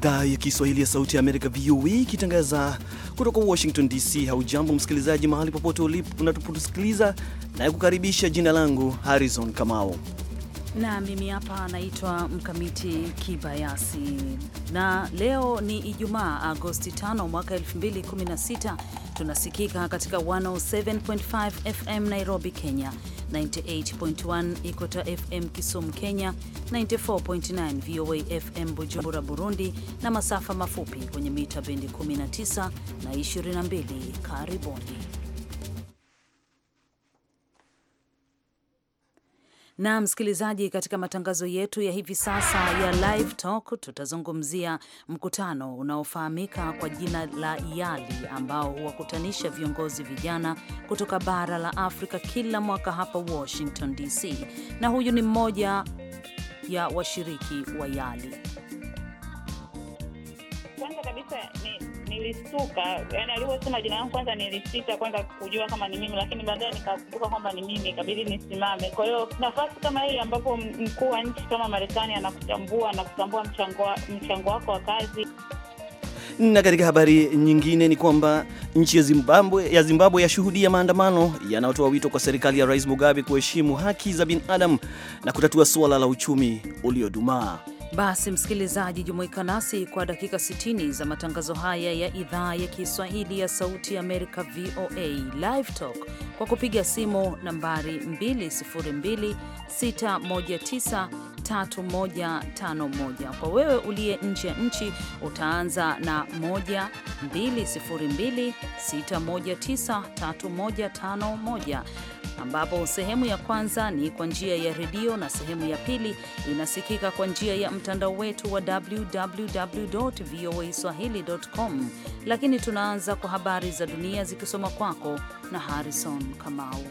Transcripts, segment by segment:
idhaa ya Kiswahili ya Sauti ya Amerika, VOA, ikitangaza kutoka Washington DC. Haujambo msikilizaji, mahali popote ulipo unapotusikiliza, na kukaribisha. Jina langu Harrison Kamau na mimi hapa naitwa Mkamiti Kibayasi, na leo ni Ijumaa, Agosti 5 mwaka 2016. Tunasikika katika 107.5 FM Nairobi, Kenya, 98.1 Ikota FM Kisumu Kenya, 94.9 VOA FM Bujumbura Burundi, na masafa mafupi kwenye mita bendi 19 na 22. Karibuni. Na msikilizaji, katika matangazo yetu ya hivi sasa ya Live Talk tutazungumzia mkutano unaofahamika kwa jina la YALI ambao huwakutanisha viongozi vijana kutoka bara la Afrika kila mwaka hapa Washington DC, na huyu ni mmoja ya washiriki wa YALI. Kwanza kabisa ni nilistuka, yani alivyosema jina langu kwanza nilisita kwanza kujua kama ni mimi, lakini baadaye nikakumbuka kwamba ni mimi, ikabidi nisimame. Kwa hiyo nafasi kama hii ambapo mkuu wa nchi kama Marekani anakutambua na kutambua mchango, mchango wako wa kazi na katika habari nyingine ni kwamba nchi ya Zimbabwe ya Zimbabwe yashuhudia maandamano yanayotoa wito kwa serikali ya Rais Mugabe kuheshimu haki za binadamu na kutatua suala la uchumi uliodumaa. Basi msikilizaji, jumuika nasi kwa dakika 60 za matangazo haya ya idhaa ya Kiswahili ya Sauti ya Amerika, VOA Live Talk, kwa kupiga simu nambari 2026193151. Kwa wewe uliye nje ya nchi utaanza na 12026193151 ambapo sehemu ya kwanza ni kwa njia ya redio na sehemu ya pili inasikika kwa njia ya mtandao wetu wa www.voaswahili.com. Lakini tunaanza kwa habari za dunia zikisoma kwako na Harrison Kamau.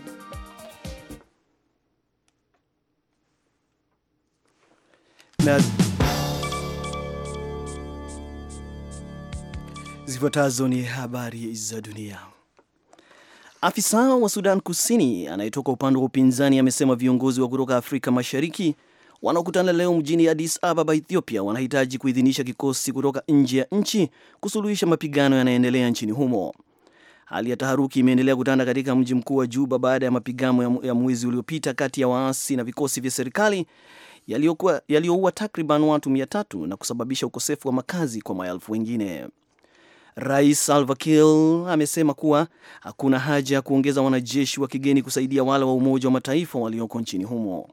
zifuatazo ni habari za dunia. Afisa wa Sudan Kusini anayetoka upande wa upinzani amesema viongozi wa kutoka Afrika Mashariki wanaokutana leo mjini Addis Ababa, Ethiopia, wanahitaji kuidhinisha kikosi kutoka nje ya nchi kusuluhisha mapigano yanayoendelea nchini humo. Hali ya taharuki imeendelea kutanda katika mji mkuu wa Juba baada ya mapigano ya mwezi uliopita kati ya waasi na vikosi vya serikali yaliyoua takriban watu mia tatu na kusababisha ukosefu wa makazi kwa maelfu wengine. Rais Salva Kiir amesema kuwa hakuna haja ya kuongeza wanajeshi wa kigeni kusaidia wale wa Umoja wa Mataifa walioko nchini humo.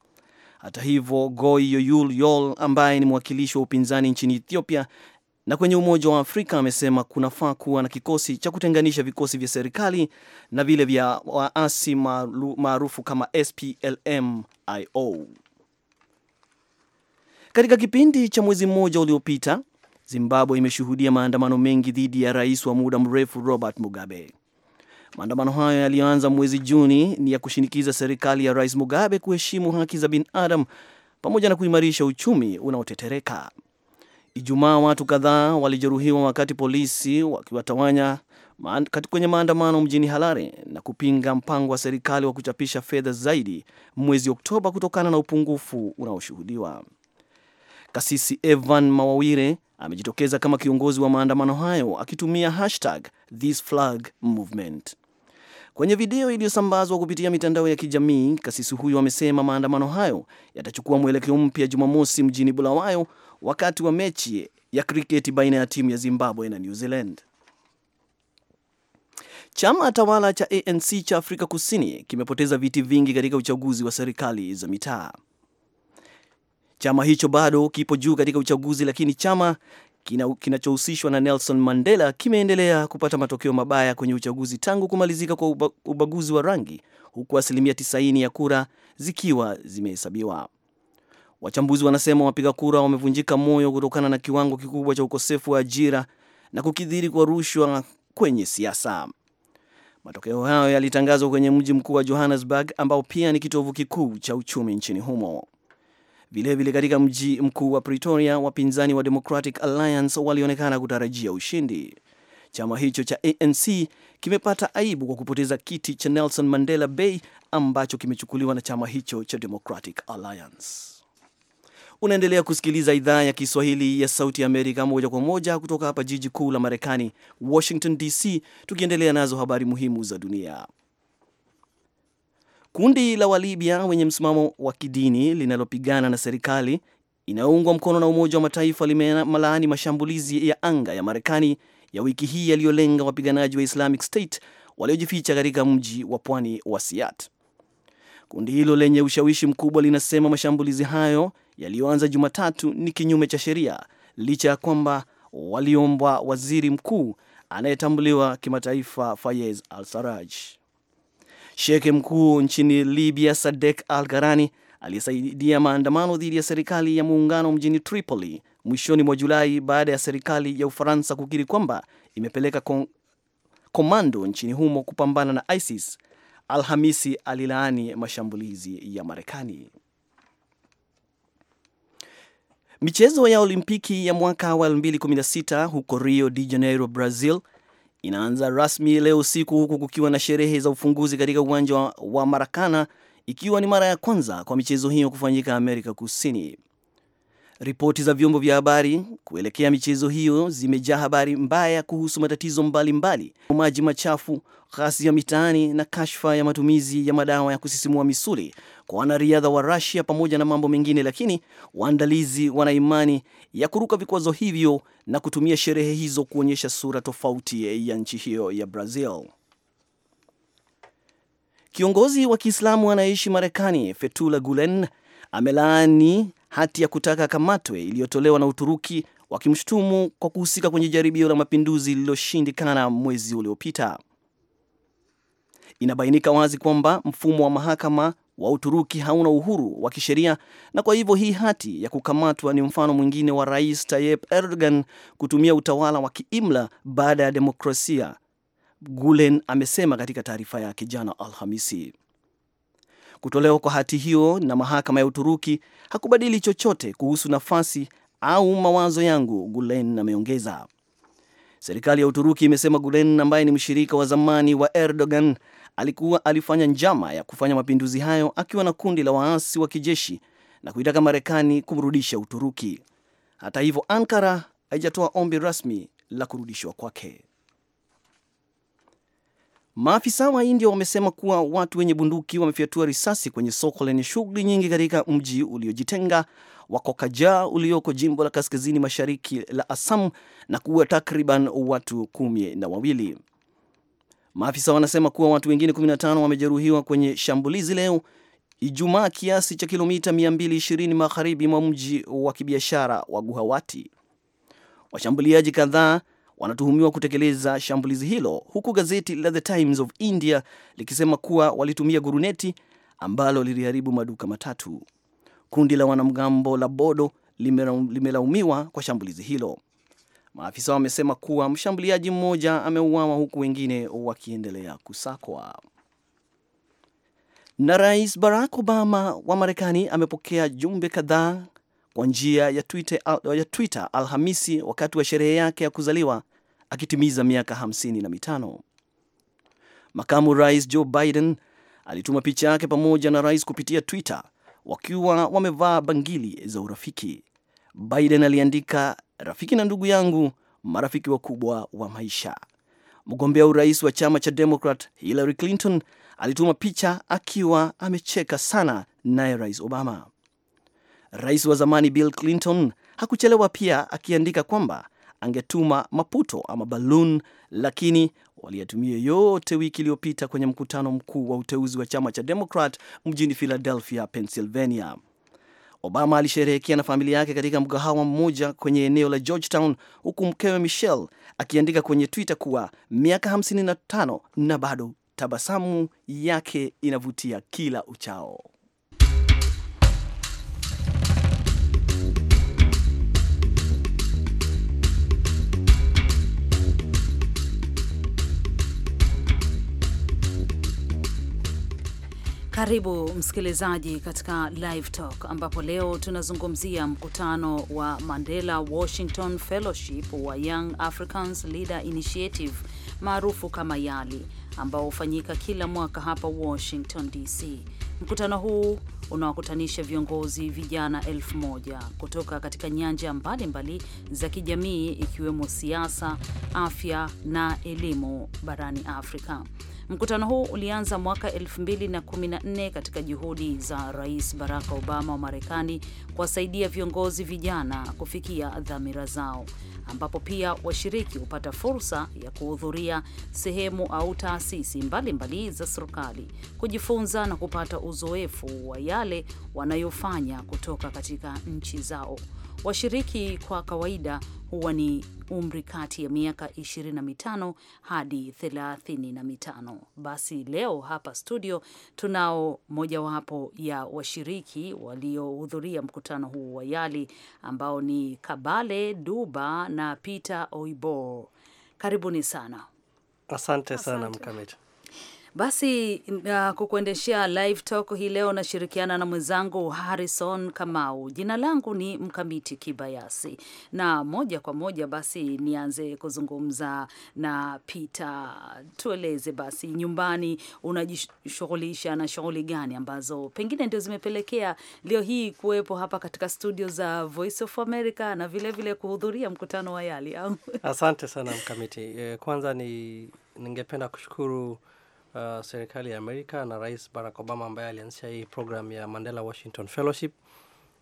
Hata hivyo, Goi Yoyul Yol ambaye ni mwakilishi wa upinzani nchini Ethiopia na kwenye Umoja wa Afrika amesema kunafaa kuwa na kikosi cha kutenganisha vikosi vya serikali na vile vya waasi maarufu kama SPLM-IO. Katika kipindi cha mwezi mmoja uliopita Zimbabwe imeshuhudia maandamano mengi dhidi ya rais wa muda mrefu Robert Mugabe. Maandamano hayo yaliyoanza mwezi Juni ni ya kushinikiza serikali ya rais Mugabe kuheshimu haki za binadamu pamoja na kuimarisha uchumi unaotetereka. Ijumaa, watu kadhaa walijeruhiwa wakati polisi wakiwatawanya kwenye maandamano mjini Harare na kupinga mpango wa serikali wa kuchapisha fedha zaidi mwezi Oktoba kutokana na upungufu unaoshuhudiwa. Kasisi Evan Mawawire amejitokeza kama kiongozi wa maandamano hayo akitumia hashtag This Flag Movement. Kwenye video iliyosambazwa kupitia mitandao ya kijamii, kasisi huyo amesema maandamano hayo yatachukua mwelekeo mpya Jumamosi mjini Bulawayo wakati wa mechi ya kriketi baina ya timu ya Zimbabwe na New Zealand. Chama tawala cha ANC cha Afrika Kusini kimepoteza viti vingi katika uchaguzi wa serikali za mitaa. Chama hicho bado kipo juu katika uchaguzi, lakini chama kinachohusishwa kina na Nelson Mandela kimeendelea kupata matokeo mabaya kwenye uchaguzi tangu kumalizika kwa uba, ubaguzi wa rangi, huku asilimia 90 ya kura zikiwa zimehesabiwa. Wachambuzi wanasema wapiga kura wamevunjika moyo kutokana na kiwango kikubwa cha ukosefu wa ajira na kukidhiri kwa rushwa kwenye siasa. Matokeo hayo yalitangazwa kwenye mji mkuu wa Johannesburg, ambao pia ni kitovu kikuu cha uchumi nchini humo. Vilevile katika mji mkuu wa Pretoria, wapinzani wa Democratic Alliance walionekana kutarajia ushindi. Chama hicho cha ANC kimepata aibu kwa kupoteza kiti cha Nelson Mandela Bay ambacho kimechukuliwa na chama hicho cha Democratic Alliance. Unaendelea kusikiliza idhaa ya Kiswahili ya Sauti ya Amerika moja kwa moja kutoka hapa jiji kuu la Marekani, Washington DC, tukiendelea nazo habari muhimu za dunia. Kundi la Walibya wenye msimamo wa kidini linalopigana na serikali inayoungwa mkono na Umoja wa Mataifa limelaani mashambulizi ya anga ya Marekani ya wiki hii yaliyolenga wapiganaji wa Islamic State waliojificha katika mji wa pwani wa Siat. Kundi hilo lenye ushawishi mkubwa linasema mashambulizi hayo yaliyoanza Jumatatu ni kinyume cha sheria, licha ya kwamba waliombwa waziri mkuu anayetambuliwa kimataifa Fayez Al-Sarraj. Shekhe mkuu nchini Libya Sadek Al Garani aliyesaidia maandamano dhidi ya serikali ya muungano mjini Tripoli mwishoni mwa Julai baada ya serikali ya Ufaransa kukiri kwamba imepeleka kom komando nchini humo kupambana na ISIS. Alhamisi alilaani mashambulizi ya Marekani. Michezo ya Olimpiki ya mwaka wa 2016 huko Rio de Janeiro, Brazil inaanza rasmi leo usiku huku kukiwa na sherehe za ufunguzi katika uwanja wa Marakana, ikiwa ni mara ya kwanza kwa michezo hiyo kufanyika Amerika Kusini. Ripoti za vyombo vya habari kuelekea michezo hiyo zimejaa habari mbaya kuhusu matatizo mbalimbali, maji machafu, ghasia mitaani na kashfa ya matumizi ya madawa ya kusisimua misuli kwa wanariadha wa Russia pamoja na mambo mengine, lakini waandalizi wana imani ya kuruka vikwazo hivyo na kutumia sherehe hizo kuonyesha sura tofauti ya nchi hiyo ya Brazil. Kiongozi wa Kiislamu anayeishi Marekani Fethullah Gulen amelaani hati ya kutaka kamatwe iliyotolewa na Uturuki wakimshutumu kwa kuhusika kwenye jaribio la mapinduzi lililoshindikana mwezi uliopita. Inabainika wazi kwamba mfumo wa mahakama wa Uturuki hauna uhuru wa kisheria na kwa hivyo hii hati ya kukamatwa ni mfano mwingine wa Rais Tayyip Erdogan kutumia utawala wa kiimla baada ya demokrasia, Gulen amesema katika taarifa yake jana Alhamisi. Kutolewa kwa hati hiyo na mahakama ya Uturuki hakubadili chochote kuhusu nafasi au mawazo yangu, Gulen ameongeza. Serikali ya Uturuki imesema Gulen ambaye ni mshirika wa zamani wa Erdogan alikuwa alifanya njama ya kufanya mapinduzi hayo akiwa na kundi la waasi wa kijeshi na kuitaka Marekani kumrudisha Uturuki. Hata hivyo, Ankara haijatoa ombi rasmi la kurudishwa kwake. Maafisa wa India wamesema kuwa watu wenye bunduki wamefyatua risasi kwenye soko lenye shughuli nyingi katika mji uliojitenga wa Kokaja ulioko jimbo la kaskazini mashariki la Assam na kuua takriban watu kumi na wawili. Maafisa wanasema kuwa watu wengine 15 wamejeruhiwa kwenye shambulizi leo Ijumaa, kiasi cha kilomita 220 magharibi mwa mji wa kibiashara wa guhawati Washambuliaji kadhaa wanatuhumiwa kutekeleza shambulizi hilo, huku gazeti la The Times of India likisema kuwa walitumia guruneti ambalo liliharibu maduka matatu. Kundi la wanamgambo la Bodo limelaumiwa kwa shambulizi hilo. Maafisa wamesema kuwa mshambuliaji mmoja ameuawa huku wengine wakiendelea kusakwa. Na Rais Barack Obama wa Marekani amepokea jumbe kadhaa kwa njia ya Twitter, ya Twitter Alhamisi wakati wa sherehe yake ya kuzaliwa akitimiza miaka hamsini na mitano. Makamu Rais Joe Biden alituma picha yake pamoja na rais kupitia Twitter wakiwa wamevaa bangili za urafiki. Biden aliandika, rafiki na ndugu yangu, marafiki wakubwa wa maisha. Mgombea urais wa chama cha Democrat Hillary Clinton alituma picha akiwa amecheka sana naye Rais Obama. Rais wa zamani Bill Clinton hakuchelewa pia akiandika kwamba angetuma Maputo ama Balloon, lakini waliyatumia yote wiki iliyopita kwenye mkutano mkuu wa uteuzi wa chama cha Demokrat mjini Philadelphia, Pennsylvania. Obama alisherehekea na familia yake katika mgahawa mmoja kwenye eneo la Georgetown, huku mkewe Michelle akiandika kwenye Twitter kuwa miaka 55 na bado tabasamu yake inavutia kila uchao. Karibu msikilizaji katika Live Talk ambapo leo tunazungumzia mkutano wa Mandela Washington Fellowship wa Young Africans Leader Initiative maarufu kama YALI ambao hufanyika kila mwaka hapa Washington DC. Mkutano huu unawakutanisha viongozi vijana elfu moja kutoka katika nyanja mbalimbali za kijamii ikiwemo siasa, afya na elimu barani Afrika. Mkutano huu ulianza mwaka 2014 katika juhudi za Rais Barack Obama wa Marekani kuwasaidia viongozi vijana kufikia dhamira zao, ambapo pia washiriki hupata fursa ya kuhudhuria sehemu au taasisi mbalimbali za serikali, kujifunza na kupata uzoefu wa yale wanayofanya kutoka katika nchi zao. Washiriki kwa kawaida huwa ni umri kati ya miaka 25 hadi 35. Basi leo hapa studio tunao mojawapo ya washiriki waliohudhuria mkutano huu wa YALI ambao ni Kabale Duba na Peter oibo Karibuni sana. Asante sana Mkamiti. Basi uh, kukuendeshea live talk hii leo nashirikiana na mwenzangu Harrison Kamau. Jina langu ni Mkamiti Kibayasi, na moja kwa moja basi nianze kuzungumza na Peter. Tueleze basi, nyumbani unajishughulisha na shughuli gani ambazo pengine ndio zimepelekea leo hii kuwepo hapa katika studio za Voice of America na vilevile kuhudhuria mkutano wa YALI? Asante sana Mkamiti. Eh, kwanza ni ningependa kushukuru uh, serikali ya Amerika na Rais Barack Obama ambaye alianzisha hii program ya Mandela Washington Fellowship,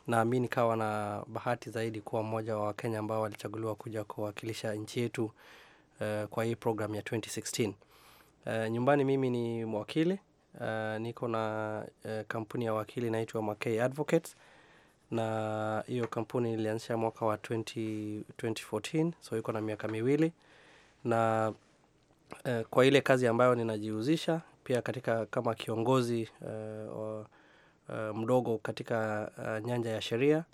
na mi nikawa na bahati zaidi kuwa mmoja wa Wakenya ambao walichaguliwa kuja kuwakilisha nchi yetu uh, kwa hii program ya 2016. Uh, nyumbani mimi ni mwakili uh, niko na uh, kampuni ya wakili inaitwa Mackay Advocates na hiyo kampuni ilianzisha mwaka wa 20, 2014 so iko na miaka miwili na Eh, kwa ile kazi ambayo ninajihusisha pia katika kama kiongozi uh, uh, mdogo katika uh, nyanja ya sheria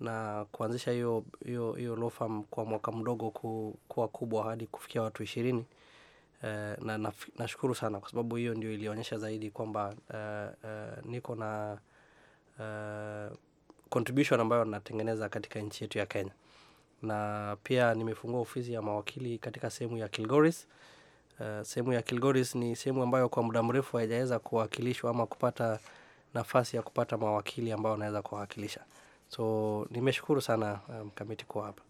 na kuanzisha hiyo hiyo hiyo kwa mwaka mdogo ku, kuwa kubwa hadi kufikia watu ishirini eh, na nashukuru na sana kwa sababu hiyo ndio ilionyesha zaidi kwamba uh, uh, niko na uh, contribution ambayo natengeneza katika nchi yetu ya Kenya na pia nimefungua ofisi ya mawakili katika sehemu ya Kilgoris Eh, sehemu ya Kilgoris ni sehemu ambayo kwa muda mrefu haijaweza kuwakilishwa ama kupata nafasi ya kupata mawakili ambao wanaweza kuwawakilisha. So nimeshukuru sana eh, mkamiti um, kuwa hapa.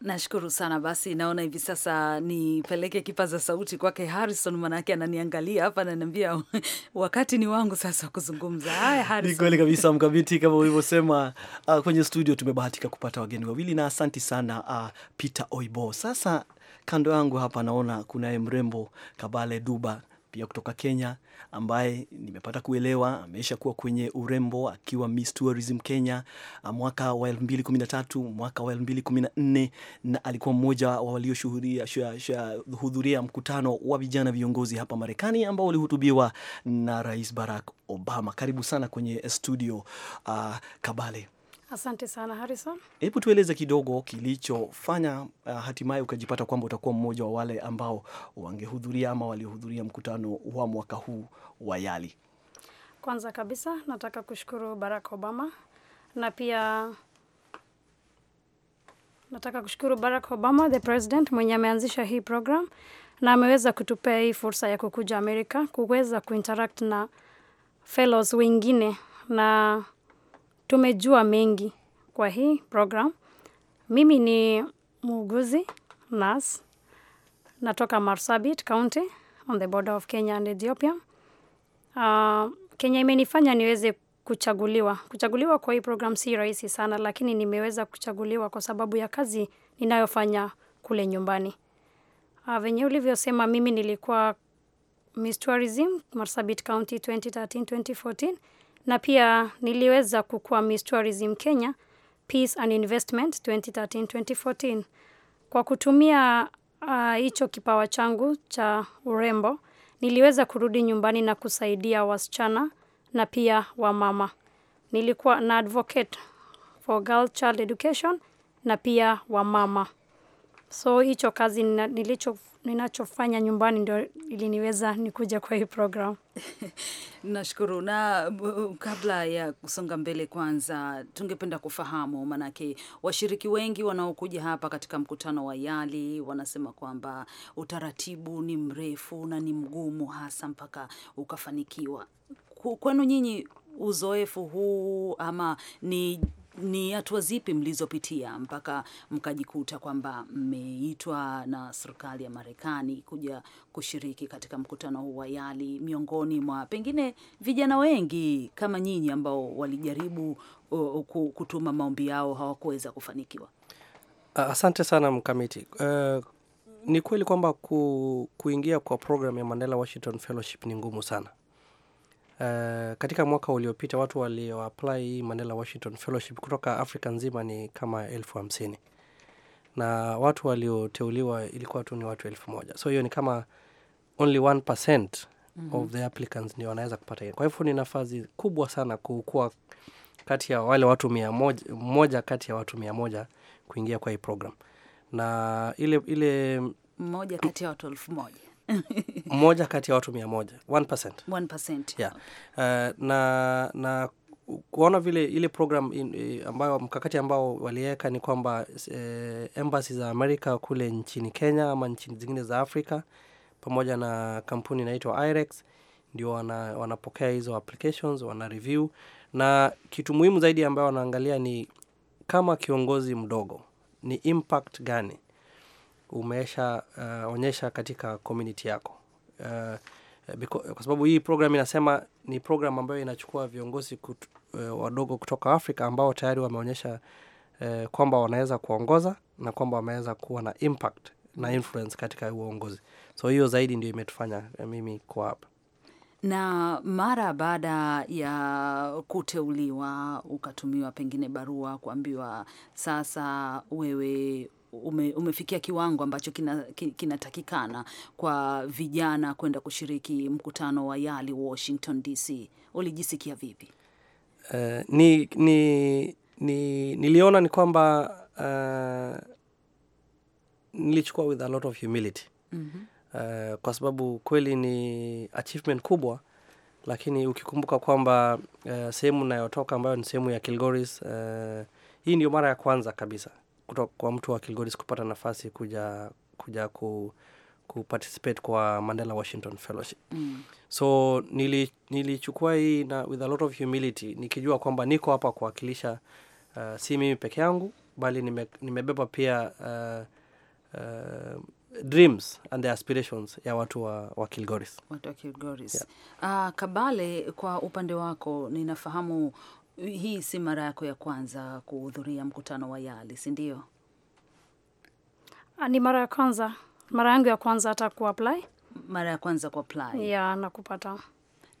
Nashukuru sana basi, naona hivi sasa nipeleke kipaza sauti kwake Harrison, maanake ananiangalia hapa, ananiambia wakati ni wangu sasa kuzungumza. Haya, Harrison. Ni kweli kabisa Mkamiti, kama ulivyosema. Uh, kwenye studio tumebahatika kupata wageni wawili na asanti sana uh, Peter Oibo. Sasa Kando yangu hapa naona kunaye mrembo Kabale Duba pia kutoka Kenya ambaye nimepata kuelewa ameisha kuwa kwenye urembo akiwa Miss Tourism Kenya ah, mwaka wa 2013, mwaka wa 2014, na alikuwa mmoja wa waliohudhuria mkutano wa vijana viongozi hapa Marekani ambao walihutubiwa na Rais Barack Obama. Karibu sana kwenye studio uh, Kabale. Asante sana Harrison. Hebu tueleze kidogo kilichofanya uh, hatimaye ukajipata kwamba utakuwa mmoja wa wale ambao wangehudhuria ama waliohudhuria mkutano wa mwaka huu wa YALI. Kwanza kabisa nataka kushukuru Barack Obama na pia nataka kushukuru Barack Obama the president mwenye ameanzisha hii program na ameweza kutupea hii fursa ya kukuja Amerika kuweza kuinteract na fellows wengine na Tumejua mengi kwa hii program. Mimi ni muuguzi, nurse, natoka Marsabit County on the border of Kenya and Ethiopia. Uh, Kenya imenifanya niweze kuchaguliwa. Kuchaguliwa kwa hii program si rahisi sana, lakini nimeweza kuchaguliwa kwa sababu ya kazi ninayofanya kule nyumbani. Uh, venye ulivyosema, mimi nilikuwa Miss Tourism Marsabit County 2013-2014 na pia niliweza kukua Miss Tourism Kenya Peace and Investment 2013-2014 kwa kutumia ah, hicho uh, kipawa changu cha urembo niliweza kurudi nyumbani na kusaidia wasichana na pia wamama. Nilikuwa na advocate for girl child education na pia wamama. So hicho kazi nilicho ninachofanya nyumbani ndio iliniweza nikuja kwa hii program. Nashukuru. Na kabla ya kusonga mbele, kwanza tungependa kufahamu, maanake washiriki wengi wanaokuja hapa katika mkutano wa YALI wanasema kwamba utaratibu ni mrefu na ni mgumu, hasa mpaka ukafanikiwa. Kwenu nyinyi uzoefu huu ama ni ni hatua zipi mlizopitia mpaka mkajikuta kwamba mmeitwa na serikali ya Marekani kuja kushiriki katika mkutano huu wa YALI, miongoni mwa pengine vijana wengi kama nyinyi ambao walijaribu uh, kutuma maombi yao hawakuweza kufanikiwa? Asante sana mkamiti. Uh, ni kweli kwamba ku, kuingia kwa programu ya Mandela Washington Fellowship ni ngumu sana Uh, katika mwaka uliopita watu walioapply Mandela Washington Fellowship kutoka Afrika nzima ni kama elfu hamsini na watu walioteuliwa ilikuwa tu ni watu elfu moja so hiyo ni kama only 1% mm -hmm. of the applicants ndio wanaweza kupata hiyo. Kwa hivyo ni nafasi kubwa sana kukuwa kati ya wale watu mia moja, moja kati ya watu mia moja kuingia kwa hii program na ile ile mmoja kati ya watu elfu moja mmoja kati ya watu mia moja Yeah. Uh, na, na kuona vile ile program in, eh, ambayo mkakati ambao waliweka ni kwamba eh, embassy za Amerika kule nchini Kenya ama nchi zingine za Afrika pamoja na kampuni inaitwa Irex ndio wana, wanapokea hizo applications wana review, na kitu muhimu zaidi ambayo wanaangalia ni kama kiongozi mdogo, ni impact gani umeshaonyesha uh, katika community yako uh, kwa sababu hii program inasema ni program ambayo inachukua viongozi kut, uh, wadogo kutoka Afrika ambao tayari wameonyesha uh, kwamba wanaweza kuongoza na kwamba wameweza kuwa na impact na influence katika uongozi. So hiyo zaidi ndio imetufanya uh, mimi kuwa hapa na mara baada ya kuteuliwa ukatumiwa pengine barua kuambiwa sasa wewe ume, umefikia kiwango ambacho kinatakikana kina kwa vijana kwenda kushiriki mkutano wa YALI Washington DC, ulijisikia vipi? Uh, ni, ni, ni, niliona ni kwamba uh, nilichukua with a lot of humility mm -hmm. uh, kwa sababu kweli ni achievement kubwa, lakini ukikumbuka kwamba uh, sehemu nayotoka ambayo ni sehemu ya Kilgoris uh, hii ndio mara ya kwanza kabisa kutoka kwa mtu wa Kilgoris kupata nafasi kuja kuja ku kuparticipate kwa Mandela Washington Fellowship. Mm. So nili, hii na with a lot of humility nikijua kwamba niko hapa kuwakilisha uh, si mimi peke yangu bali nime, nimebeba pia uh, uh, dreams and the aspirations ya watu wa, wa Kilgoris. Watu wa Kilgoris. Yeah. Uh, Kabale, kwa upande wako ninafahamu hii si mara yako ya kwanza kuhudhuria mkutano wa YALI, si ndio? Ah, ni mara ya kwanza, mara yangu ya kwanza hata kuapply, mara ya kwanza kuapply ya na kupata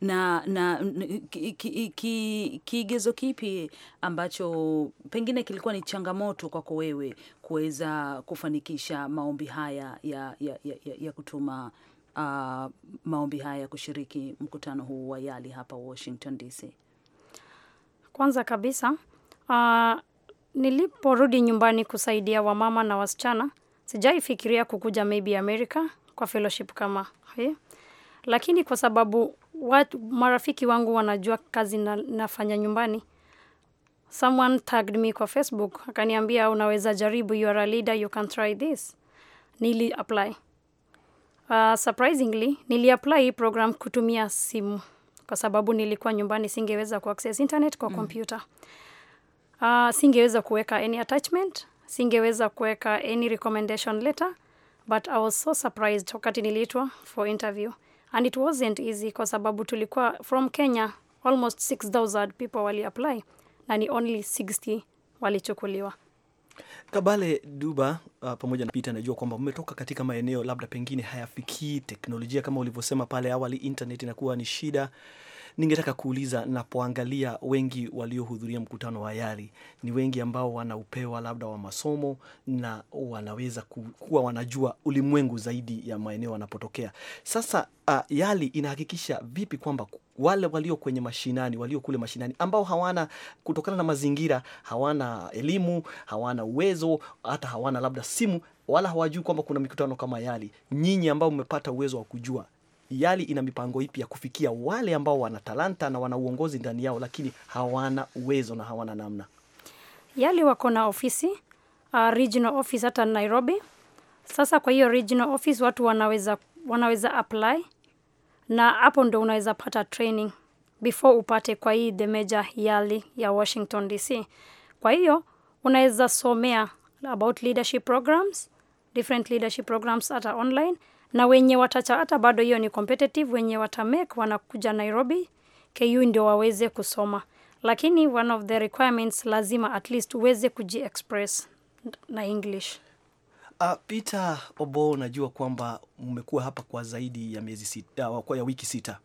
na na kigezo ki, ki, ki kipi ambacho pengine kilikuwa ni changamoto kwako wewe kuweza kufanikisha maombi haya ya, ya, ya, ya kutuma uh, maombi haya ya kushiriki mkutano huu wa YALI hapa Washington DC? Kwanza kabisa uh, niliporudi nyumbani kusaidia wamama na wasichana, sijaifikiria kukuja maybe America kwa fellowship kama hii, lakini kwa sababu watu, marafiki wangu wanajua kazi na, nafanya nyumbani. Someone tagged me kwa Facebook akaniambia, unaweza jaribu, you are a leader, you can try this. Nili apply. Uh, surprisingly nili apply hii program kutumia simu kwa sababu nilikuwa nyumbani, singeweza kuaccess internet kwa kompyuta mm. uh, singeweza kuweka any attachment, singeweza kuweka any recommendation letter, but I was so surprised wakati niliitwa for interview and it wasn't easy kwa sababu tulikuwa from Kenya almost 6000 people wali apply na ni only 60 walichukuliwa. Kabale Duba uh, pamoja na Pita, najua kwamba mmetoka katika maeneo labda pengine hayafikii teknolojia kama ulivyosema pale awali, internet inakuwa ni shida ningetaka kuuliza, napoangalia wengi waliohudhuria mkutano wa Yali ni wengi ambao wanaupewa labda wa masomo na wanaweza kuwa wanajua ulimwengu zaidi ya maeneo wanapotokea. Sasa uh, ah, Yali inahakikisha vipi kwamba wale walio kwenye mashinani, walio kule mashinani ambao hawana, kutokana na mazingira, hawana elimu, hawana uwezo, hata hawana labda simu wala hawajui kwamba kuna mikutano kama Yali, nyinyi ambao mmepata uwezo wa kujua YALI ina mipango ipi ya kufikia wale ambao wana talanta na wana uongozi ndani yao, lakini hawana uwezo na hawana namna? YALI wako na ofisi uh, regional office hata Nairobi. Sasa kwa hiyo regional office watu wanaweza wanaweza apply na hapo ndo unaweza pata training before upate kwa hii the major YALI ya Washington DC. Kwa hiyo unaweza somea about leadership programs, different leadership programs hata online na wenye hata bado hiyo ni competitive, wenye watamake wanakuja Nairobi KU ndio waweze kusoma, lakini one of the requirements lazima at least uweze kujiexpress na English. Uh, Peter Obo, najua kwamba mmekuwa hapa kwa zaidi ya miezi sita, ah, kwa ya wiki sita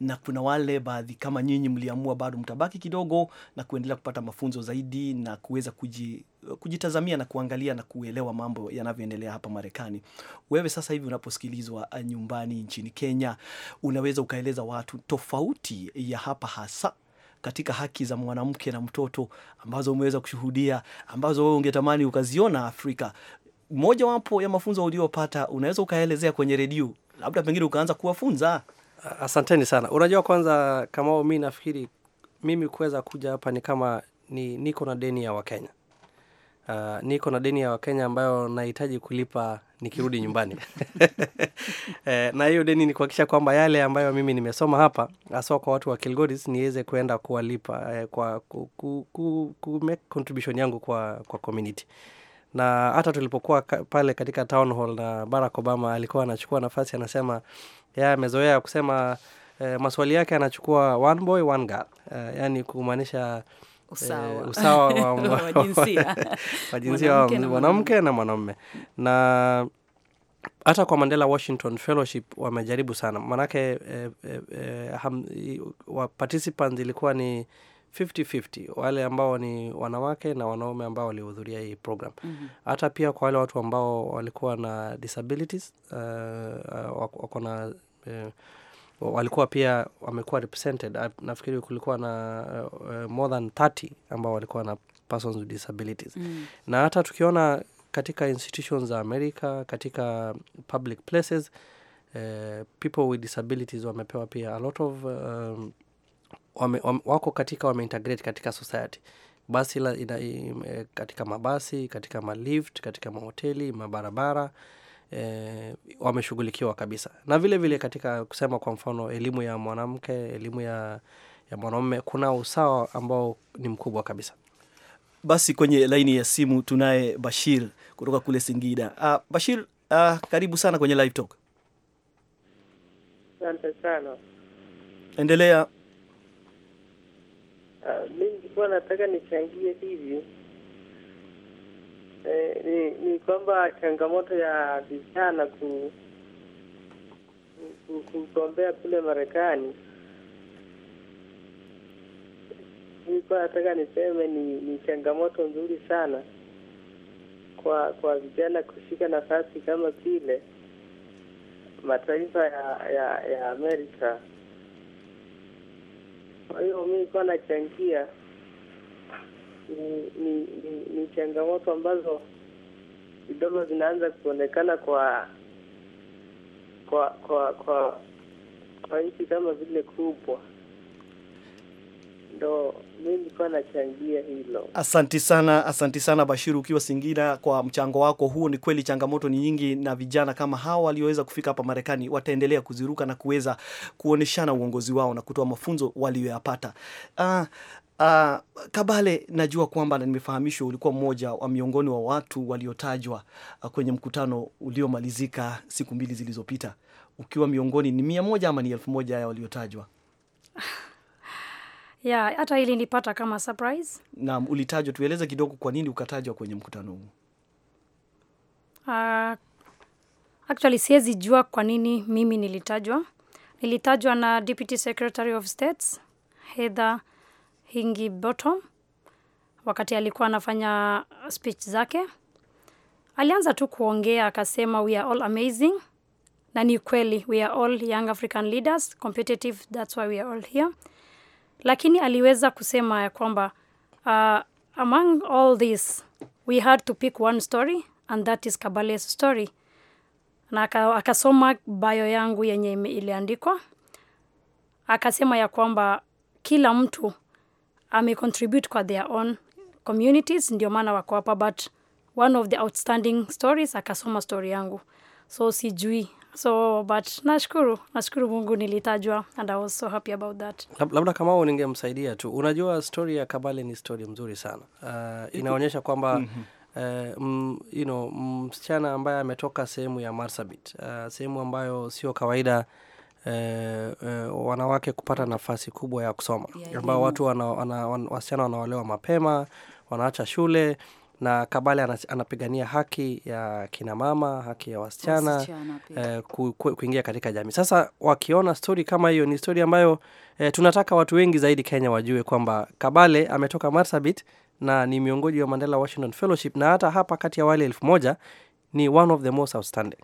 na kuna wale baadhi kama nyinyi mliamua bado mtabaki kidogo na kuendelea kupata mafunzo zaidi na kuweza kuji kujitazamia na kuangalia na kuelewa mambo yanavyoendelea hapa Marekani. Wewe sasa hivi unaposikilizwa eh, nyumbani nchini Kenya, unaweza ukaeleza watu tofauti ya hapa hasa katika haki za mwanamke na mtoto ambazo umeweza kushuhudia, ambazo wewe ungetamani ukaziona Afrika. Mojawapo ya mafunzo uliopata, unaweza ukaelezea kwenye redio, labda pengine ukaanza kuwafunza. Asanteni sana. Unajua, kwanza kama mi nafikiri mimi kuweza kuja hapa ni kama ni niko na deni ya Wakenya Eh, niko na deni ya Wakenya ambayo nahitaji kulipa nikirudi nyumbani e, na hiyo deni ni kuhakikisha kwamba yale ambayo mimi nimesoma hapa haswa kwa watu wa kilgodis niweze kuenda kuwalipa eh, kwa contribution yangu kwa, kwa community na hata tulipokuwa ka, pale katika town hall na Barack Obama alikuwa anachukua nafasi, anasema ya amezoea kusema eh, maswali yake anachukua one boy one girl eh, yani kumaanisha Eh, usawa, wa, jinsia jinsia mwanamke na mwanamume na hata kwa Mandela Washington Fellowship wamejaribu sana manake eh, eh, eh wa participants ilikuwa ni 50-50 wale ambao ni wanawake na wanaume ambao walihudhuria hii program mhm. hata mm -hmm. Pia kwa wale watu ambao walikuwa na disabilities uh, wako na eh, walikuwa pia wamekuwa represented. Nafikiri kulikuwa na uh, uh more than 30 ambao walikuwa na persons with disabilities mm. Na hata tukiona katika institutions za america katika public places uh, people with disabilities wamepewa pia a lot of um, wame, wame, wako katika wameintegrate katika society basi la, ina, katika mabasi, katika malift, katika mahoteli, mabarabara e, wameshughulikiwa kabisa. Na vile vile katika kusema kwa mfano elimu ya mwanamke, elimu ya, ya mwanaume, kuna usawa ambao ni mkubwa kabisa. Basi kwenye laini ya simu tunaye Bashir kutoka kule Singida. Uh, Bashir, uh, karibu sana kwenye live talk. Asante sana, endelea. Uh, ah, mi nataka nichangie hivi Eh, ni, ni kwamba changamoto ya vijana ku, ku, kugombea kule Marekani nilikuwa nataka niseme ni, ni changamoto nzuri sana kwa kwa vijana kushika nafasi kama vile mataifa ya ya, ya Amerika. Kwa hiyo mi nilikuwa nachangia ni ni, ni, ni changamoto ambazo kidogo zinaanza kuonekana kwa kwa kwa kwa, kwa nchi kama vile kubwa ndo mimi kwa nachangia hilo. Asanti sana, asanti sana Bashiru, ukiwa Singida kwa mchango wako huo Ni kweli changamoto ni nyingi, na vijana kama hawa walioweza kufika hapa Marekani wataendelea kuziruka na kuweza kuoneshana uongozi wao na kutoa mafunzo waliyoyapata. Ah, Uh, Kabale, najua kwamba na nimefahamishwa ulikuwa mmoja wa miongoni wa watu waliotajwa uh, kwenye mkutano uliomalizika siku mbili zilizopita, ukiwa miongoni ni mia moja ama ni elfu moja ya waliotajwa yeah, hata hili nipata kama surprise. Naam, ulitajwa. Tueleze kidogo kwa nini ukatajwa kwenye mkutano huu. Uh, actually siwezi jua kwa nini mimi nilitajwa. Nilitajwa na Deputy Secretary of States Heather Bottom wakati alikuwa anafanya speech zake. Alianza tu kuongea akasema, we are all amazing, na ni kweli, we are all young African leaders competitive, that's why we are all here. Lakini aliweza kusema ya kwamba uh, among all this we had to pick one story and that is Kabale's story, na akasoma bio yangu yenye iliandikwa, akasema ya kwamba kila mtu amecontribute kwa their own communities, ndio maana wako hapa, but one of the outstanding stories akasoma story yangu, so sijui so but nashukuru, nashukuru Mungu nilitajwa, and I was so happy about that. Labda kama ningemsaidia tu, unajua story ya Kabale ni story mzuri sana. Uh, inaonyesha kwamba mm -hmm. Uh, m, you know, msichana ambaye ametoka sehemu ya Marsabit, uh, sehemu ambayo sio kawaida eh, eh, wanawake kupata nafasi kubwa ya kusoma yeah, ambao watu wana, wana, wana, wasichana wanaolewa mapema, wanaacha shule na Kabale anapigania haki ya kinamama, haki ya wasichana, eh, ku, kuingia katika jamii. Sasa wakiona stori kama hiyo, ni stori ambayo eh, tunataka watu wengi zaidi Kenya wajue kwamba Kabale ametoka Marsabit na ni miongoji wa Mandela Washington Fellowship, na hata hapa kati ya wale elfu moja ni one of the most outstanding.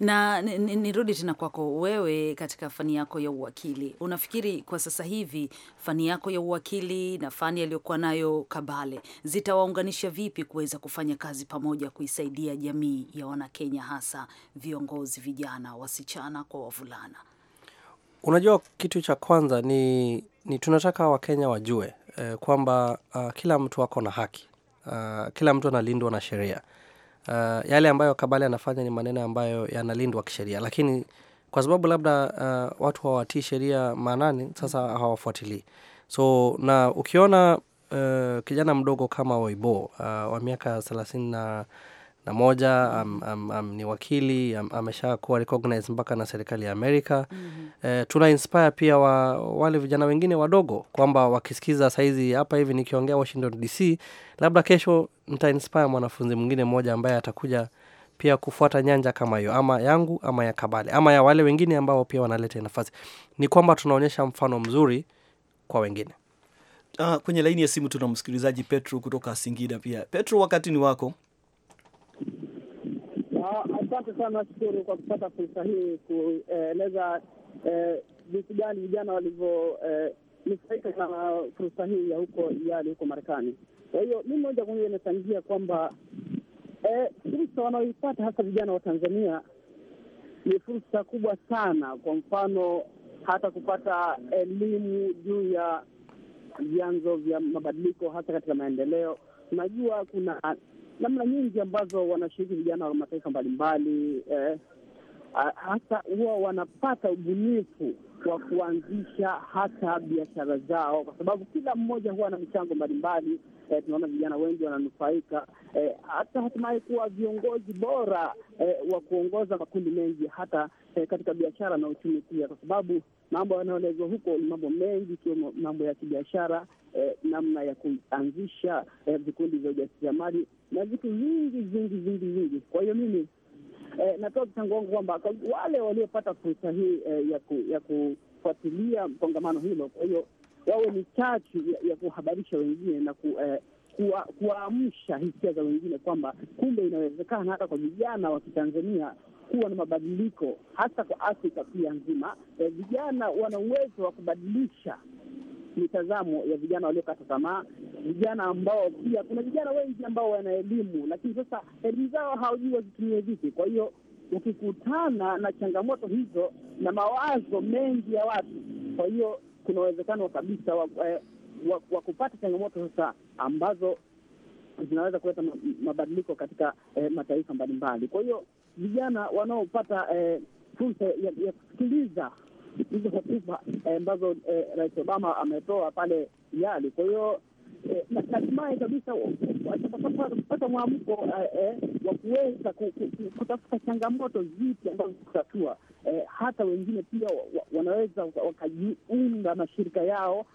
Na nirudi tena kwako wewe, katika fani yako ya uwakili, unafikiri kwa sasa hivi fani yako ya uwakili na fani aliyokuwa nayo Kabale zitawaunganisha vipi kuweza kufanya kazi pamoja kuisaidia jamii ya Wanakenya, hasa viongozi vijana, wasichana kwa wavulana? Unajua, kitu cha kwanza ni, ni tunataka Wakenya wajue eh, kwamba uh, kila mtu ako na haki uh, kila mtu analindwa na sheria uh, yale ambayo kabali anafanya ni maneno ambayo yanalindwa kisheria, lakini kwa sababu labda uh, watu hawatii sheria maanani, sasa hawafuatilii. So na ukiona uh, kijana mdogo kama Waibo uh, wa miaka thelathini na na moja am, am, am, ni wakili amesha kuwa recognize mpaka na serikali ya Amerika. mm -hmm. E, tuna inspire pia wa, wale vijana wengine wadogo kwamba wakisikiza saizi hapa hivi nikiongea Washington DC, labda kesho nita inspire mwanafunzi mwingine mmoja ambaye atakuja pia kufuata nyanja kama hiyo, ama yangu ama ya Kabale ama ya wale wengine ambao pia wanaleta nafasi. Ni kwamba tunaonyesha mfano mzuri kwa wengine. Uh, kwenye laini ya simu tuna msikilizaji Petro kutoka Singida. Pia Petro, wakati ni wako. Asante sana shukuru kwa kupata fursa hii kueleza eh, jinsi gani vijana walivyonufaika eh, na fursa hii ya huko iali huko Marekani. Kwa hiyo mi moja kwa moja inachangia kwamba eh, fursa wanaoipata hasa vijana wa Tanzania ni fursa kubwa sana. Kwa mfano hata kupata elimu juu ya vyanzo vya mabadiliko hasa katika maendeleo. Unajua kuna namna nyingi ambazo wanashiriki vijana wa mataifa mbalimbali eh, hasa huwa wanapata ubunifu wa kuanzisha hata biashara zao, kwa sababu kila mmoja huwa na michango mbalimbali. Eh, tunaona vijana wengi wananufaika eh, hata hatimaye kuwa viongozi bora eh, wa kuongoza makundi mengi hata eh, katika biashara na uchumi pia, kwa sababu mambo yanayoelezwa huko ni mambo mengi, ikiwemo mambo ya kibiashara eh, namna ya kuanzisha eh, vikundi vya ujasiriamali na vitu vingi vingi vingi vingi. Kwa hiyo mimi eh, natoa mchango wangu kwamba wale waliopata fursa hii eh, ya, ku, ya kufuatilia mkongamano hilo, kwa hiyo wawe ni chachu ya, ya kuhabarisha wengine na ku, eh, kuwaamsha hisia za wengine kwamba kumbe inawezekana hata kwa vijana wa Kitanzania kuwa na mabadiliko, hasa kwa Afrika pia nzima. Eh, vijana wana uwezo wa kubadilisha mitazamo ya vijana waliokata tamaa, vijana ambao pia kuna vijana wengi ambao wana elimu, lakini sasa elimu zao hawajui wazitumie vipi. Kwa hiyo ukikutana na changamoto hizo na mawazo mengi ya watu, kwa hiyo kuna uwezekano kabisa wa, wa, eh, wa, wa kupata changamoto sasa ambazo zinaweza kuleta mabadiliko katika eh, mataifa mbalimbali. Kwa hiyo vijana wanaopata eh, fursa ya, ya kusikiliza hizo hotuba eh, ambazo eh, Rais Obama ametoa pale yali Kwa hiyo eh, hatimaye kabisa kupata mwamko wa kuweza kutafuta changamoto zipi ambazo kutatua, hata wengine pia wanaweza wakajiunga mashirika yao,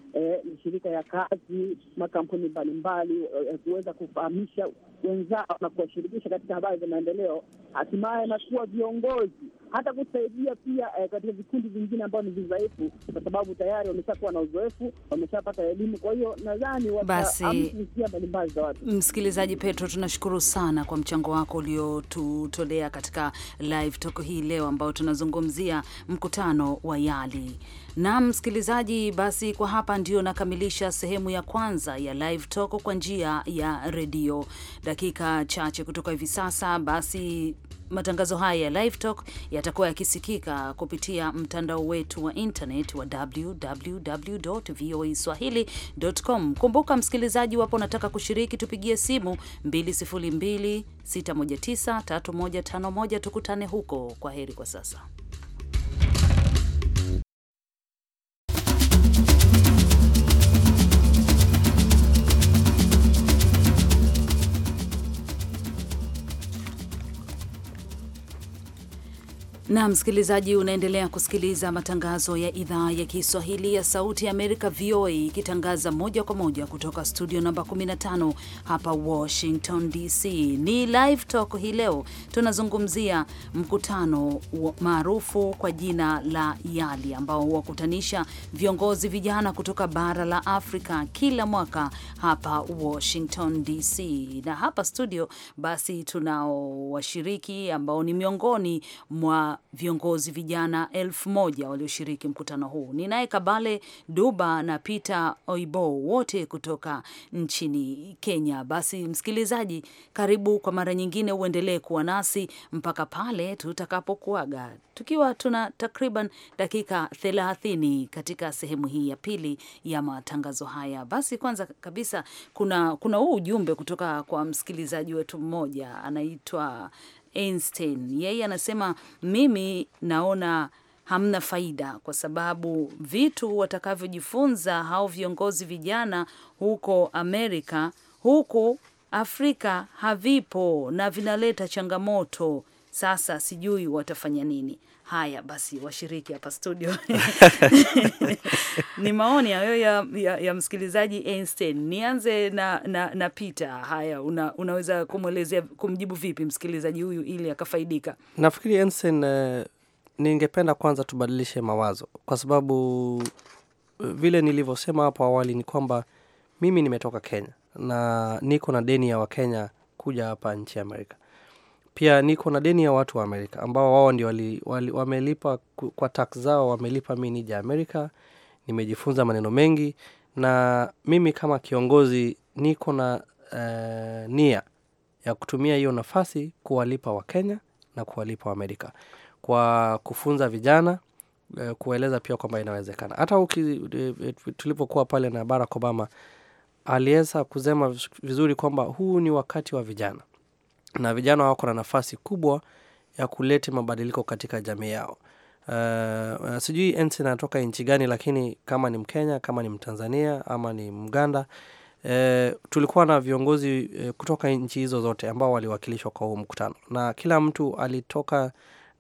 mashirika ya kazi, makampuni mbalimbali, kuweza kufahamisha wenzao na kuwashirikisha katika habari za maendeleo, hatimaye nakuwa viongozi hata kusaidia pia eh, katika vikundi vingine ambao ni vizaifu, kwa sababu tayari wameshakuwa na uzoefu, wameshapata elimu. Kwa hiyo nadhani wataamsia mbalimbali za watu. Msikilizaji Petro, tunashukuru sana kwa mchango wako uliotutolea katika live talk hii leo, ambao tunazungumzia mkutano wa YALI. Naam msikilizaji, basi kwa hapa ndio nakamilisha sehemu ya kwanza ya Live Talk kwa njia ya redio. Dakika chache kutoka hivi sasa, basi matangazo haya ya Live Talk yatakuwa yakisikika kupitia mtandao wetu wa internet wa www voa swahili.com. Kumbuka msikilizaji, wapo unataka kushiriki, tupigie simu 202 619 3151 tukutane huko. Kwa heri kwa sasa. Na msikilizaji, unaendelea kusikiliza matangazo ya idhaa ya Kiswahili ya Sauti ya Amerika, VOA, ikitangaza moja kwa moja kutoka studio namba 15 hapa Washington DC. Ni Live Talk hii leo, tunazungumzia mkutano maarufu kwa jina la YALI ambao wakutanisha viongozi vijana kutoka bara la Afrika kila mwaka hapa Washington DC, na hapa studio basi tunao washiriki ambao ni miongoni mwa viongozi vijana elfu moja walioshiriki mkutano huu. Ninaye Kabale Duba na Peter Oibo wote kutoka nchini Kenya. Basi msikilizaji, karibu kwa mara nyingine, uendelee kuwa nasi mpaka pale tutakapokuaga, tukiwa tuna takriban dakika thelathini katika sehemu hii ya pili ya matangazo haya. Basi kwanza kabisa kuna kuna huu ujumbe kutoka kwa msikilizaji wetu mmoja anaitwa Einstein. Yeye anasema mimi naona hamna faida kwa sababu vitu watakavyojifunza hao viongozi vijana huko Amerika, huku Afrika havipo na vinaleta changamoto. Sasa sijui watafanya nini. Haya basi, washiriki hapa studio ni maoni hayo ya, ya, ya msikilizaji Einstein. Nianze na, na, na Peter. Haya, una, unaweza kumwelezea kumjibu vipi msikilizaji huyu ili akafaidika? Nafikiri Einstein, uh, ningependa kwanza tubadilishe mawazo kwa sababu eh, vile nilivyosema hapo awali ni kwamba mimi nimetoka Kenya na niko na deni ya Wakenya kuja hapa nchi ya Amerika pia niko na deni ya watu wa Amerika ambao wao ndio wamelipa kwa tax zao, wamelipa mi nija Amerika, nimejifunza maneno mengi, na mimi kama kiongozi niko na uh, nia ya kutumia hiyo nafasi kuwalipa Wakenya na kuwalipa Waamerika kwa kufunza vijana uh, kueleza pia kwamba inawezekana. Hata uh, tulipokuwa pale na Barack Obama aliweza kusema vizuri kwamba huu ni wakati wa vijana na vijana wako na nafasi kubwa ya kuleta mabadiliko katika jamii yao. Uh, sijui Ensi anatoka nchi gani, lakini kama ni Mkenya, kama ni Mtanzania ama ni Mganda, uh, tulikuwa na viongozi uh, kutoka nchi hizo zote ambao waliwakilishwa kwa huu mkutano, na kila mtu alitoka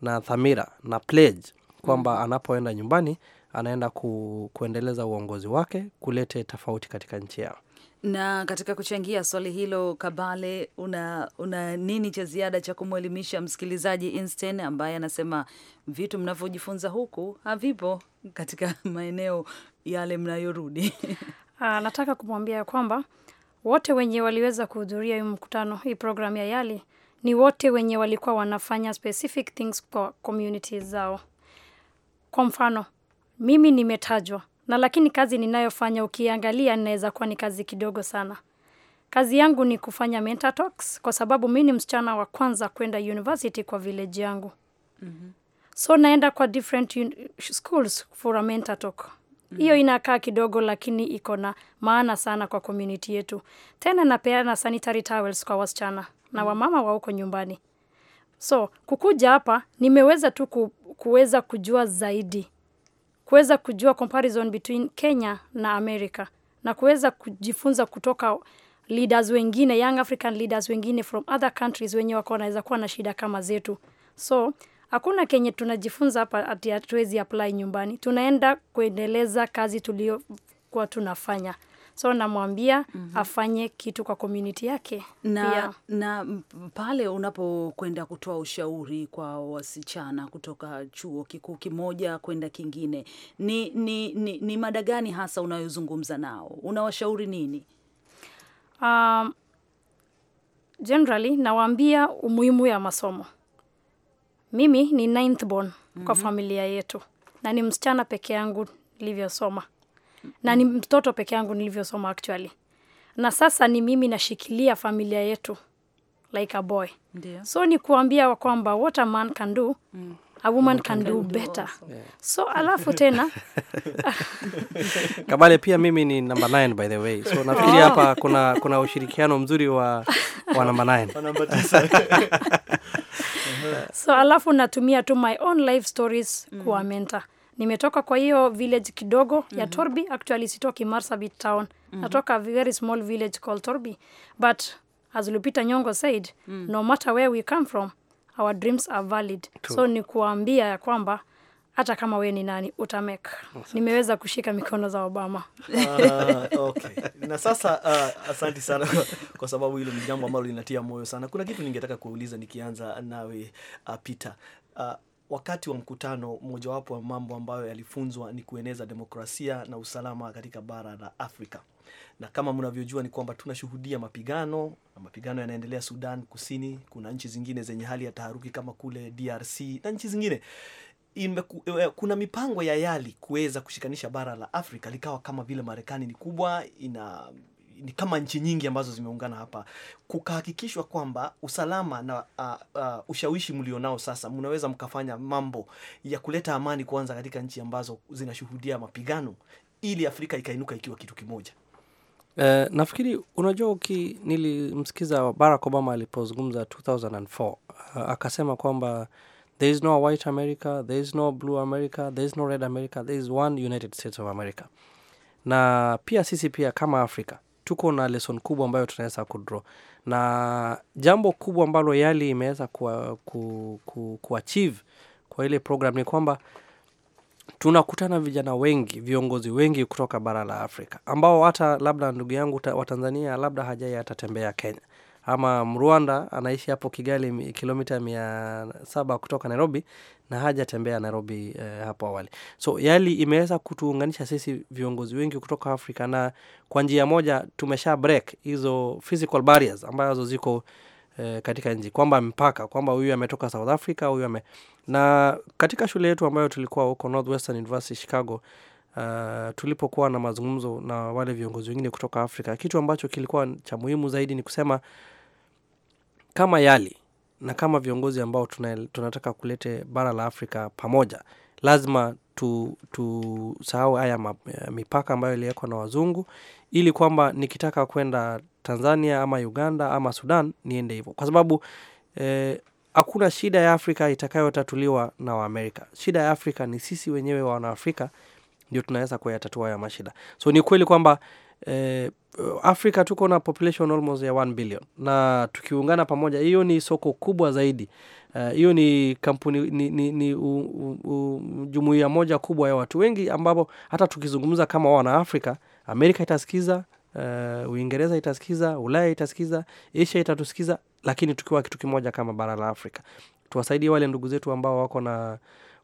na dhamira na pledge kwamba mm. anapoenda nyumbani anaenda ku, kuendeleza uongozi wake kulete tofauti katika nchi yao. Na katika kuchangia swali hilo, Kabale, una, una nini cha ziada cha kumwelimisha msikilizaji Einstein ambaye anasema vitu mnavyojifunza huku havipo katika maeneo yale mnayorudi? Aa, ah, nataka kumwambia ya kwamba wote wenye waliweza kuhudhuria hii mkutano, hii programu ya YALI ni wote wenye walikuwa wanafanya specific things kwa zao. Kwa mfano mimi nimetajwa na lakini kazi ninayofanya ukiangalia, inaweza kuwa ni kazi kidogo sana. Kazi yangu ni kufanya mentor talks, kwa sababu mi ni msichana wa kwanza kwenda university kwa village yangu mm -hmm. So naenda kwa different schools for a mentor talk mhm. hiyo inakaa kidogo lakini iko na maana sana kwa community yetu. Tena napeana sanitary towels kwa wasichana na mhm. wamama wa huko nyumbani. So kukuja hapa nimeweza tu ku, kuweza kujua zaidi kuweza kujua comparison between Kenya na America na kuweza kujifunza kutoka leaders wengine, young African leaders wengine from other countries wenye wako wanaweza kuwa na shida kama zetu. So hakuna kenye tunajifunza hapa ati hatuwezi apply nyumbani, tunaenda kuendeleza kazi tuliokuwa tunafanya so namwambia mm -hmm. afanye kitu kwa community yake na, Na pale unapokwenda kutoa ushauri kwa wasichana kutoka chuo kikuu kimoja kwenda kingine, ni, ni, ni, ni mada gani hasa unayozungumza nao, unawashauri nini? um, generally nawaambia umuhimu ya masomo. Mimi ni ninth born mm -hmm. kwa mhm. familia yetu na ni msichana peke yangu nilivyosoma na ni mtoto peke yangu nilivyosoma actually, na sasa ni mimi nashikilia familia yetu like a boy. So ni kuambia kwamba what a man can do mm. A woman can do better. Yeah. So alafu tena Kabale pia mimi ni number 9 by the way. So nafikiri oh. hapa kuna kuna ushirikiano mzuri wa wa number 9. So alafu natumia tu my own life stories mm. kuwa mentor nimetoka kwa hiyo village kidogo mm -hmm. ya mhm. Torbi actually sitoki Marsabit town mm -hmm. natoka very small village called Torbi but as Lupita Nyongo said mm -hmm. no matter where we come from our dreams are valid True. so ni kuambia ya kwamba hata kama wewe ni nani awesome. Nimeweza kushika mikono za Obama. Uh, okay. Na sasa uh, ah, asanti sana kwa sababu hilo ni jambo ambalo linatia moyo sana. Kuna kitu ningetaka kuuliza nikianza nawe uh, Peter. Uh, wakati wa mkutano, mojawapo wa mambo ambayo yalifunzwa ni kueneza demokrasia na usalama katika bara la Afrika. Na kama mnavyojua ni kwamba tunashuhudia mapigano na mapigano yanaendelea Sudan Kusini, kuna nchi zingine zenye hali ya taharuki kama kule DRC na nchi zingine. E, e, kuna mipango ya YALI kuweza kushikanisha bara la Afrika likawa kama vile Marekani ni kubwa ina kama nchi nyingi ambazo zimeungana hapa, kukahakikishwa kwamba usalama na uh, uh, ushawishi mlionao sasa, mnaweza mkafanya mambo ya kuleta amani kwanza katika nchi ambazo zinashuhudia mapigano, ili Afrika ikainuka ikiwa kitu kimoja. Eh, nafikiri unajua, uki nilimsikiza Barack Obama alipozungumza 2004 uh, akasema kwamba there is no white America, there is no blue America, there is no red America, there is one United States of America. Na pia sisi pia kama Afrika tuko na leson kubwa ambayo tunaweza kudraw na jambo kubwa ambalo Yali imeweza kuachieve ku, ku, kwa ile program ni kwamba tunakutana vijana wengi, viongozi wengi kutoka bara la Afrika ambao hata labda ndugu yangu watanzania labda hajai atatembea Kenya, ama Mrwanda anaishi hapo Kigali kilomita mia saba kutoka Nairobi na hajatembea Nairobi eh, hapo awali. So YALI imeweza kutuunganisha sisi viongozi wengi kutoka Afrika, na kwa njia moja tumesha break hizo physical barriers ambazo ziko eh, katika nji kwamba mpaka kwamba huyu ametoka South Africa, huyu ame na katika shule yetu ambayo tulikuwa huko Northwestern University Chicago Uh, tulipokuwa na mazungumzo na wale viongozi wengine kutoka Afrika, kitu ambacho kilikuwa cha muhimu zaidi ni kusema kama YALI na kama viongozi ambao tunataka kulete bara la Afrika pamoja, lazima tusahau tu haya mipaka ambayo iliwekwa na wazungu, ili kwamba nikitaka kwenda Tanzania ama Uganda ama Sudan niende hivyo, kwa sababu eh, hakuna eh, shida ya Afrika itakayotatuliwa na Waamerika. Shida ya Afrika ni sisi wenyewe Wanaafrika ndio tunaweza kuyatatua haya mashida. So ni kweli kwamba eh, Afrika tuko na population almost ya 1 billion na tukiungana pamoja, hiyo ni soko kubwa zaidi. Eh, hiyo uh, ni kampuni ni, ni, ni jumuiya moja kubwa ya watu wengi, ambapo hata tukizungumza kama wana Afrika, Amerika itasikiza uh, eh, Uingereza itasikiza, Ulaya itasikiza, Asia itatusikiza, lakini tukiwa kitu kimoja kama bara la Afrika, tuwasaidie wale ndugu zetu ambao wako na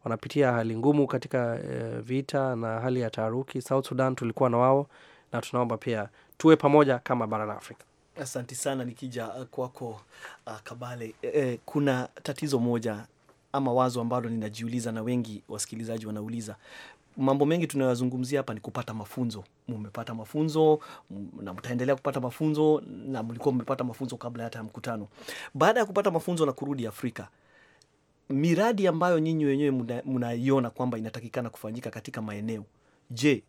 wanapitia hali ngumu katika uh, vita na hali ya taharuki. South Sudan tulikuwa na wao na tunaomba pia tuwe pamoja kama bara la Afrika. Asanti sana. Nikija uh, kwako uh, Kabale, e, kuna tatizo moja ama wazo ambalo ninajiuliza na wengi wasikilizaji wanauliza mambo mengi tunayozungumzia hapa ni kupata mafunzo. Mmepata mafunzo mm, na mtaendelea kupata mafunzo, na mlikuwa mmepata mafunzo kabla hata ya mkutano. Baada ya kupata mafunzo na kurudi Afrika, miradi ambayo nyinyi wenyewe mnaiona kwamba inatakikana kufanyika katika maeneo, je,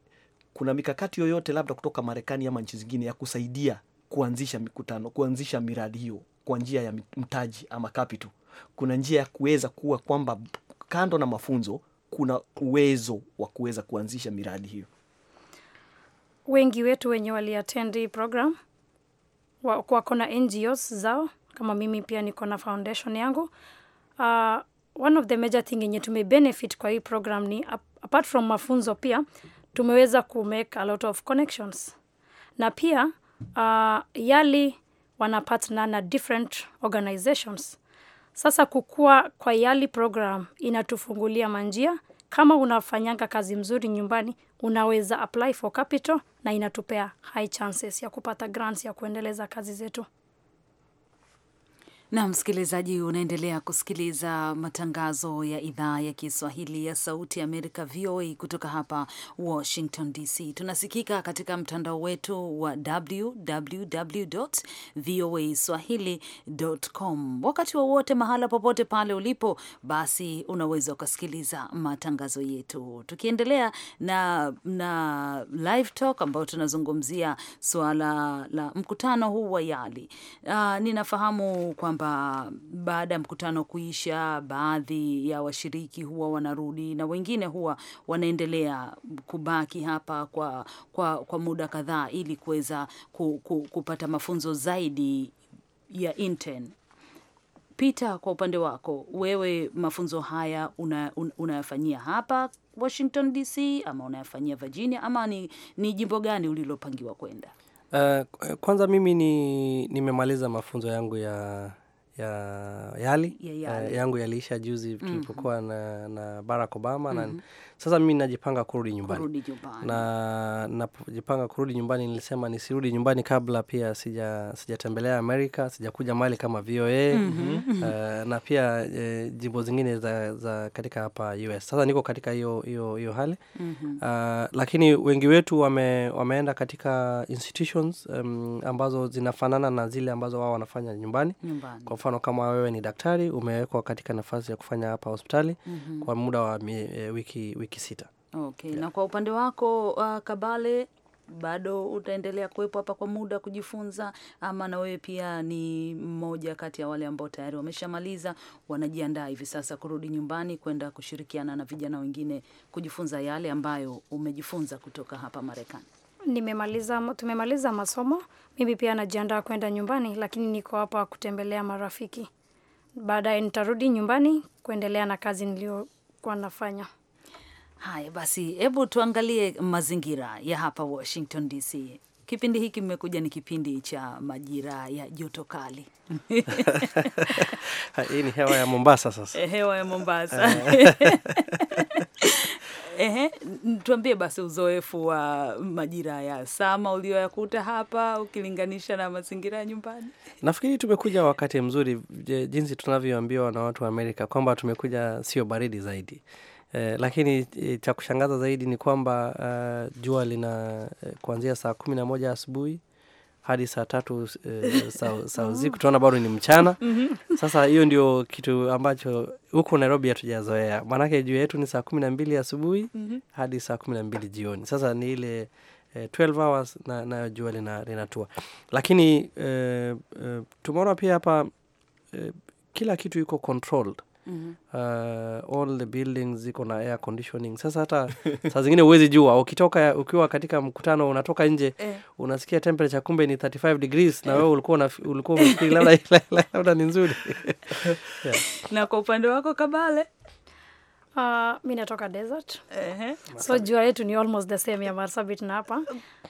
kuna mikakati yoyote labda kutoka Marekani ama nchi zingine ya kusaidia kuanzisha mikutano, kuanzisha miradi hiyo kwa njia ya mtaji ama capital? Kuna njia ya kuweza kuwa kwamba kando na mafunzo kuna uwezo wa kuweza kuanzisha miradi hiyo? Wengi wetu wenye waliattend hii program wako na NGOs zao, kama mimi pia niko na foundation yangu. Uh, one of the major thing yenye tumebenefit kwa hii program ni apart from mafunzo pia tumeweza ku make a lot of connections na pia uh, YALI partner na different organizations. Sasa kukua kwa YALI program inatufungulia manjia. Kama unafanyanga kazi mzuri nyumbani, unaweza apply for capital na inatupea high chances ya kupata grants ya kuendeleza kazi zetu. Na msikilizaji, unaendelea kusikiliza matangazo ya idhaa ya Kiswahili ya Sauti ya Amerika, VOA, kutoka hapa Washington DC. Tunasikika katika mtandao wetu wa www voa swahili.com wakati wowote, mahala popote pale ulipo, basi unaweza ukasikiliza matangazo yetu. Tukiendelea na, na live talk ambayo tunazungumzia suala la mkutano huu wa YALI. Uh, ninafahamu kwamba kwamba baada ya mkutano kuisha, baadhi ya washiriki huwa wanarudi na wengine huwa wanaendelea kubaki hapa kwa, kwa, kwa muda kadhaa ili kuweza ku, ku, kupata mafunzo zaidi ya intern. Peter, kwa upande wako wewe, mafunzo haya unayafanyia una hapa Washington DC ama unayafanyia Virginia ama ni, ni jimbo gani ulilopangiwa kwenda? Uh, kwanza mimi ni nimemaliza mafunzo yangu ya ya YALI, ya YALI. Uh, eh, yangu yaliisha juzi mm-hmm. tulipokuwa mm -hmm. na, na Barack Obama mm -hmm. na mm-hmm. Sasa mimi najipanga kurudi nyumbani, kurudi Na najipanga kurudi nyumbani, nilisema nisirudi nyumbani kabla pia sija sijatembelea Amerika, sijakuja mali kama VOA mm -hmm. Uh, eh, na pia e, jimbo zingine za, za katika hapa US. Sasa niko katika hiyo hiyo hiyo hali mm -hmm. Uh, lakini wengi wetu wame, wameenda katika institutions um, ambazo zinafanana na zile ambazo wao wanafanya nyumbani, nyumbani. Kwa mfano kama wewe ni daktari umewekwa katika nafasi ya kufanya hapa hospitali mm -hmm. kwa muda wa mi, e, eh, wiki, wiki wiki sita. Okay. Yeah. Na kwa upande wako uh, Kabale bado utaendelea kuwepo hapa kwa muda kujifunza, ama na wewe pia ni mmoja kati ya wale ambao tayari wameshamaliza wanajiandaa hivi sasa kurudi nyumbani kwenda kushirikiana na vijana wengine kujifunza yale ambayo umejifunza kutoka hapa Marekani? Nimemaliza, tumemaliza masomo. Mimi pia najiandaa kwenda nyumbani, lakini niko hapa kutembelea marafiki. Baadaye nitarudi nyumbani kuendelea na kazi niliyokuwa nafanya. Haya basi, hebu tuangalie mazingira ya hapa Washington DC. Kipindi hiki mmekuja ni kipindi cha majira ya joto kali. Hii ni hewa ya Mombasa sasa, eh, hewa ya Mombasa. Eh. Ehe, tuambie basi uzoefu wa majira ya sama ulioyakuta hapa ukilinganisha na mazingira ya nyumbani. Nafikiri tumekuja wakati mzuri, jinsi tunavyoambiwa na watu wa Amerika kwamba tumekuja sio baridi zaidi Eh, lakini eh, cha kushangaza zaidi ni kwamba uh, jua lina eh, kuanzia saa kumi na moja asubuhi hadi saa tatu eh, saa usiku tunaona bado ni mchana. Mm-hmm. Sasa hiyo ndio kitu ambacho huku Nairobi hatujazoea, maanake jua yetu ni saa kumi na mbili asubuhi mm-hmm. hadi saa kumi na mbili jioni. Sasa ni ile eh, 12 hours na, na jua lina, linatua, lakini eh, eh, tumeona pia hapa eh, kila kitu iko controlled mm -hmm. uh, all the buildings ziko na air conditioning. Sasa hata saa zingine huwezi jua ukitoka, ukiwa katika mkutano unatoka nje eh, unasikia temperature kumbe ni 35 degrees na eh. wewe ulikuwa ulikuwa umefikiri labda labda ni nzuri yeah. Na kwa upande wako Kabale? Uh, mi natoka desert uh -huh. So jua yetu ni almost the same ya Marsabit na hapa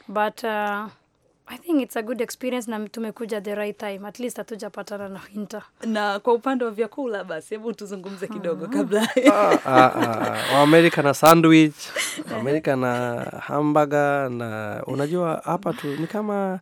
but uh, I think it's a good experience na tumekuja the right time. At least hatujapatana na winter. Na kwa upande wa vyakula basi, hebu tuzungumze kidogo ah. kabla. ah, ah, ah, wa na sandwich, Amerika na hamburger na unajua hapa tu ni kama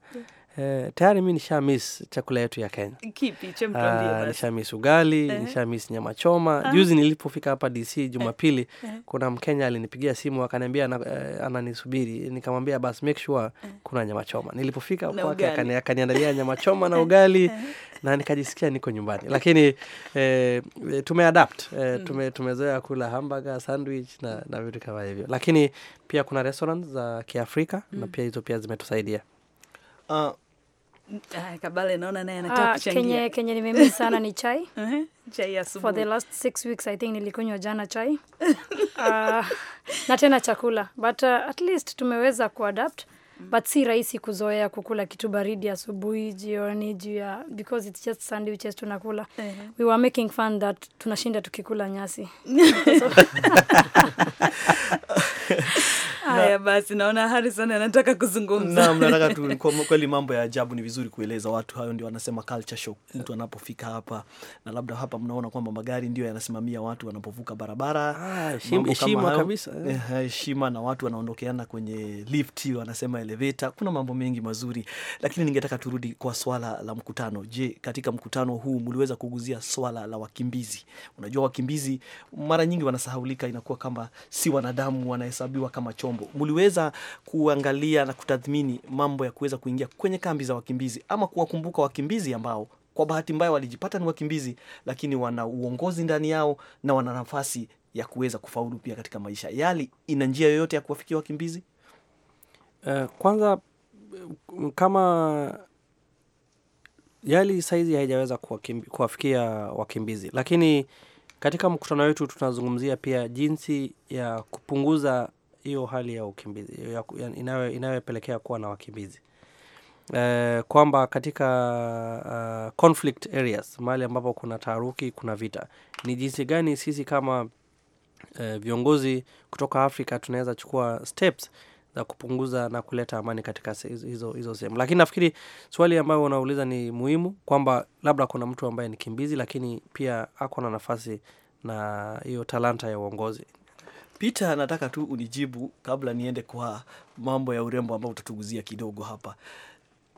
Eh, tayari mi miss chakula yetu ya Kenya. Kipi? Ah, nisha miss ugali, eh. Nisha miss nyama choma. ah. Juzi nilipofika hapa DC Jumapili, eh. -huh. kuna Mkenya alinipigia simu akaniambia eh, ananisubiri, ana nikamwambia bas make sure eh. kuna nyama choma. Nilipofika kwake akaniandalia nyama choma na ugali na nikajisikia niko nyumbani, lakini eh, tumeadapt eh, mm. tume, tumezoea kula hamburger, sandwich na, na vitu kama hivyo, lakini pia kuna restaurant za Kiafrika mm. na pia hizo pia zimetusaidia uh, Ah, Kabale naona naye anataka ah, kuchangia. Kenye, kenye nimemiss sana ni chai. Chai ya asubuhi. For the last six weeks I think nilikunywa jana chai. Uh, na tena chakula. But uh, at least tumeweza kuadapt. But si rahisi kuzoea kukula kitu baridi asubuhi, jioni, juu ya because it's just sandwiches tunakula. Uh -huh. We were making fun that tunashinda tukikula nyasi. Haya basi, naona Harrison anataka kuzungumza. Naam, nataka tu, kweli mambo ya ajabu ni vizuri kueleza watu, hayo ndio wanasema culture shock mtu anapofika hapa, na labda hapa mnaona kwamba magari ndio yanasimamia watu wanapovuka barabara. Ah, heshima kabisa, eh. Eh, eh, heshima na watu wanaondokeana kwenye lift, wanasema elevator. Kuna mambo mengi mazuri, lakini ningetaka turudi kwa swala la mkutano. Je, katika mkutano huu mliweza kuguzia swala la wakimbizi? Unajua wakimbizi mara nyingi wanasahaulika, inakuwa kama si wanadamu, wanahesabiwa kama chombo mambo, mliweza kuangalia na kutathmini mambo ya kuweza kuingia kwenye kambi za wakimbizi ama kuwakumbuka wakimbizi ambao kwa bahati mbaya walijipata ni wakimbizi, lakini wana uongozi ndani yao na wana nafasi ya kuweza kufaulu pia katika maisha? Yali ina njia yoyote ya kuwafikia wakimbizi? Uh, kwanza kama Yali saizi haijaweza kuwafikia wakimbizi, lakini katika mkutano wetu tunazungumzia pia jinsi ya kupunguza hiyo hali ya ukimbizi inayopelekea kuwa na wakimbizi e, kwamba katika uh, conflict areas mahali ambapo kuna taharuki, kuna vita, ni jinsi gani sisi kama e, viongozi kutoka Afrika tunaweza chukua steps za kupunguza na kuleta amani katika hizo, hizo sehemu. Lakini nafikiri swali ambayo unauliza ni muhimu kwamba labda kuna mtu ambaye ni kimbizi, lakini pia ako na nafasi na hiyo talanta ya uongozi. Peter, nataka tu unijibu kabla niende kwa mambo ya urembo ambao utatuguzia kidogo hapa.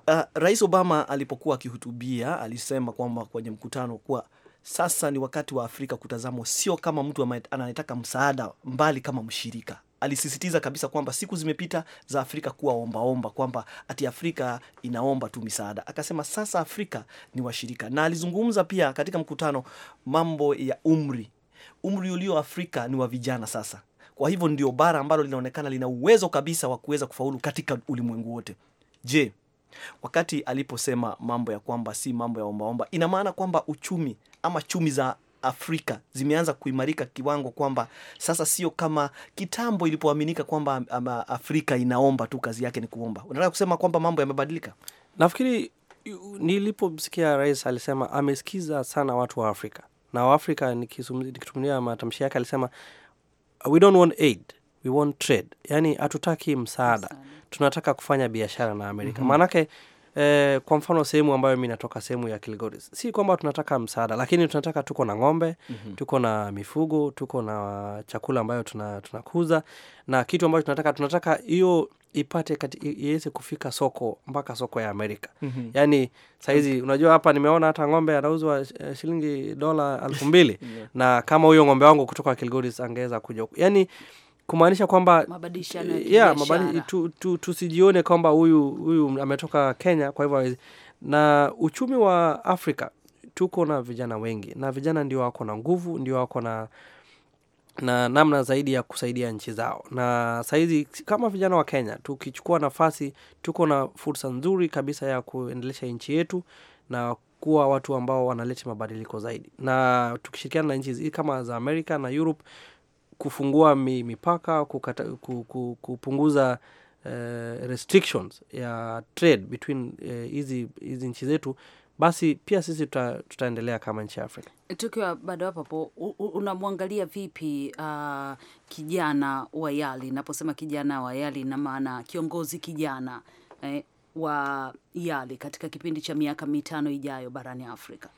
Uh, Rais Obama alipokuwa akihutubia alisema kwamba kwenye mkutano kuwa sasa ni wakati wa Afrika kutazamwa sio kama mtu anayetaka msaada, mbali kama mshirika. Alisisitiza kabisa kwamba siku zimepita za Afrika kuwa ombaomba, kwamba ati Afrika inaomba tu misaada. Akasema sasa Afrika ni washirika, na alizungumza pia katika mkutano mambo ya umri. Umri ulio Afrika ni wa vijana sasa kwa hivyo ndio bara ambalo linaonekana lina uwezo kabisa wa kuweza kufaulu katika ulimwengu wote. Je, wakati aliposema mambo ya kwamba si mambo ya ombaomba, ina maana kwamba uchumi ama chumi za Afrika zimeanza kuimarika kiwango kwamba sasa sio kama kitambo ilipoaminika kwamba Afrika inaomba tu, kazi yake ni kuomba. Unataka kusema kwamba mambo yamebadilika? Nafikiri nilipomsikia rais alisema amesikiza sana watu wa Afrika na Waafrika, nikitumia matamshi yake alisema we don't want aid, we want trade. Yani hatutaki msaada, tunataka kufanya biashara na Amerika maanake mhm. mm -hmm. Eh, kwa mfano sehemu ambayo mi natoka sehemu ya Kilgoris, si kwamba tunataka msaada, lakini tunataka tuko na ng'ombe mm -hmm. tuko na mifugo, tuko na chakula ambayo tunakuza tuna na kitu ambacho tunataka tunataka hiyo ipate iweze kufika soko mpaka soko ya Amerika. mm -hmm. Yaani sahizi okay. Unajua, hapa nimeona hata ng'ombe anauzwa eh, shilingi dola elfu mbili yeah. Na kama huyo ng'ombe wangu kutoka Kilgoris angeweza kuja yani yaani kumaanisha kwamba yeah, tusijione tu, kwamba huyu huyu ametoka Kenya, kwa hivyo na uchumi wa Afrika tuko na vijana wengi, na vijana ndio wako na nguvu, ndio wako na na namna zaidi ya kusaidia nchi zao. Na sahizi kama vijana wa Kenya tukichukua nafasi, tuko na fursa nzuri kabisa ya kuendelesha nchi yetu na kuwa watu ambao wanaleta mabadiliko zaidi, na tukishirikiana na nchi kama za Amerika na Europe kufungua mipaka, kukata, kupunguza uh, restrictions ya trade between eh, hizi uh, nchi zetu basi pia sisi tuta, tutaendelea kama nchi ya Afrika. Tukiwa bado hapo hapo, unamwangalia vipi uh, kijana wa Yali? Naposema kijana wa Yali na maana kiongozi kijana eh, wa Yali katika kipindi cha miaka mitano ijayo barani Afrika.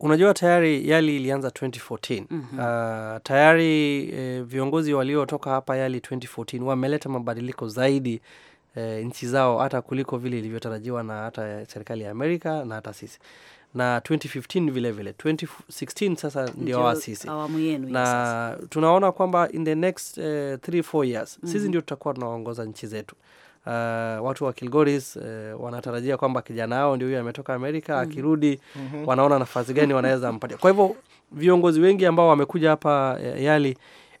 Unajua, tayari Yali ilianza 2014. mm -hmm. Uh, tayari eh, viongozi waliotoka hapa Yali 2014 wameleta mabadiliko zaidi eh, nchi zao hata kuliko vile ilivyotarajiwa na hata serikali ya Amerika na hata sisi na 2015 vile vile 2016 sasa ndio waasisi na tunaona kwamba in the next 3-4 eh, years mm -hmm. Sisi ndio tutakuwa tunaongoza nchi zetu. Uh, watu wa Kilgoris uh, wanatarajia kwamba kijana wao ndio huyo ametoka Amerika mm -hmm. akirudi mm -hmm. wanaona nafasi gani wanaweza mpatia. Kwa hivyo viongozi wengi ambao wamekuja hapa yali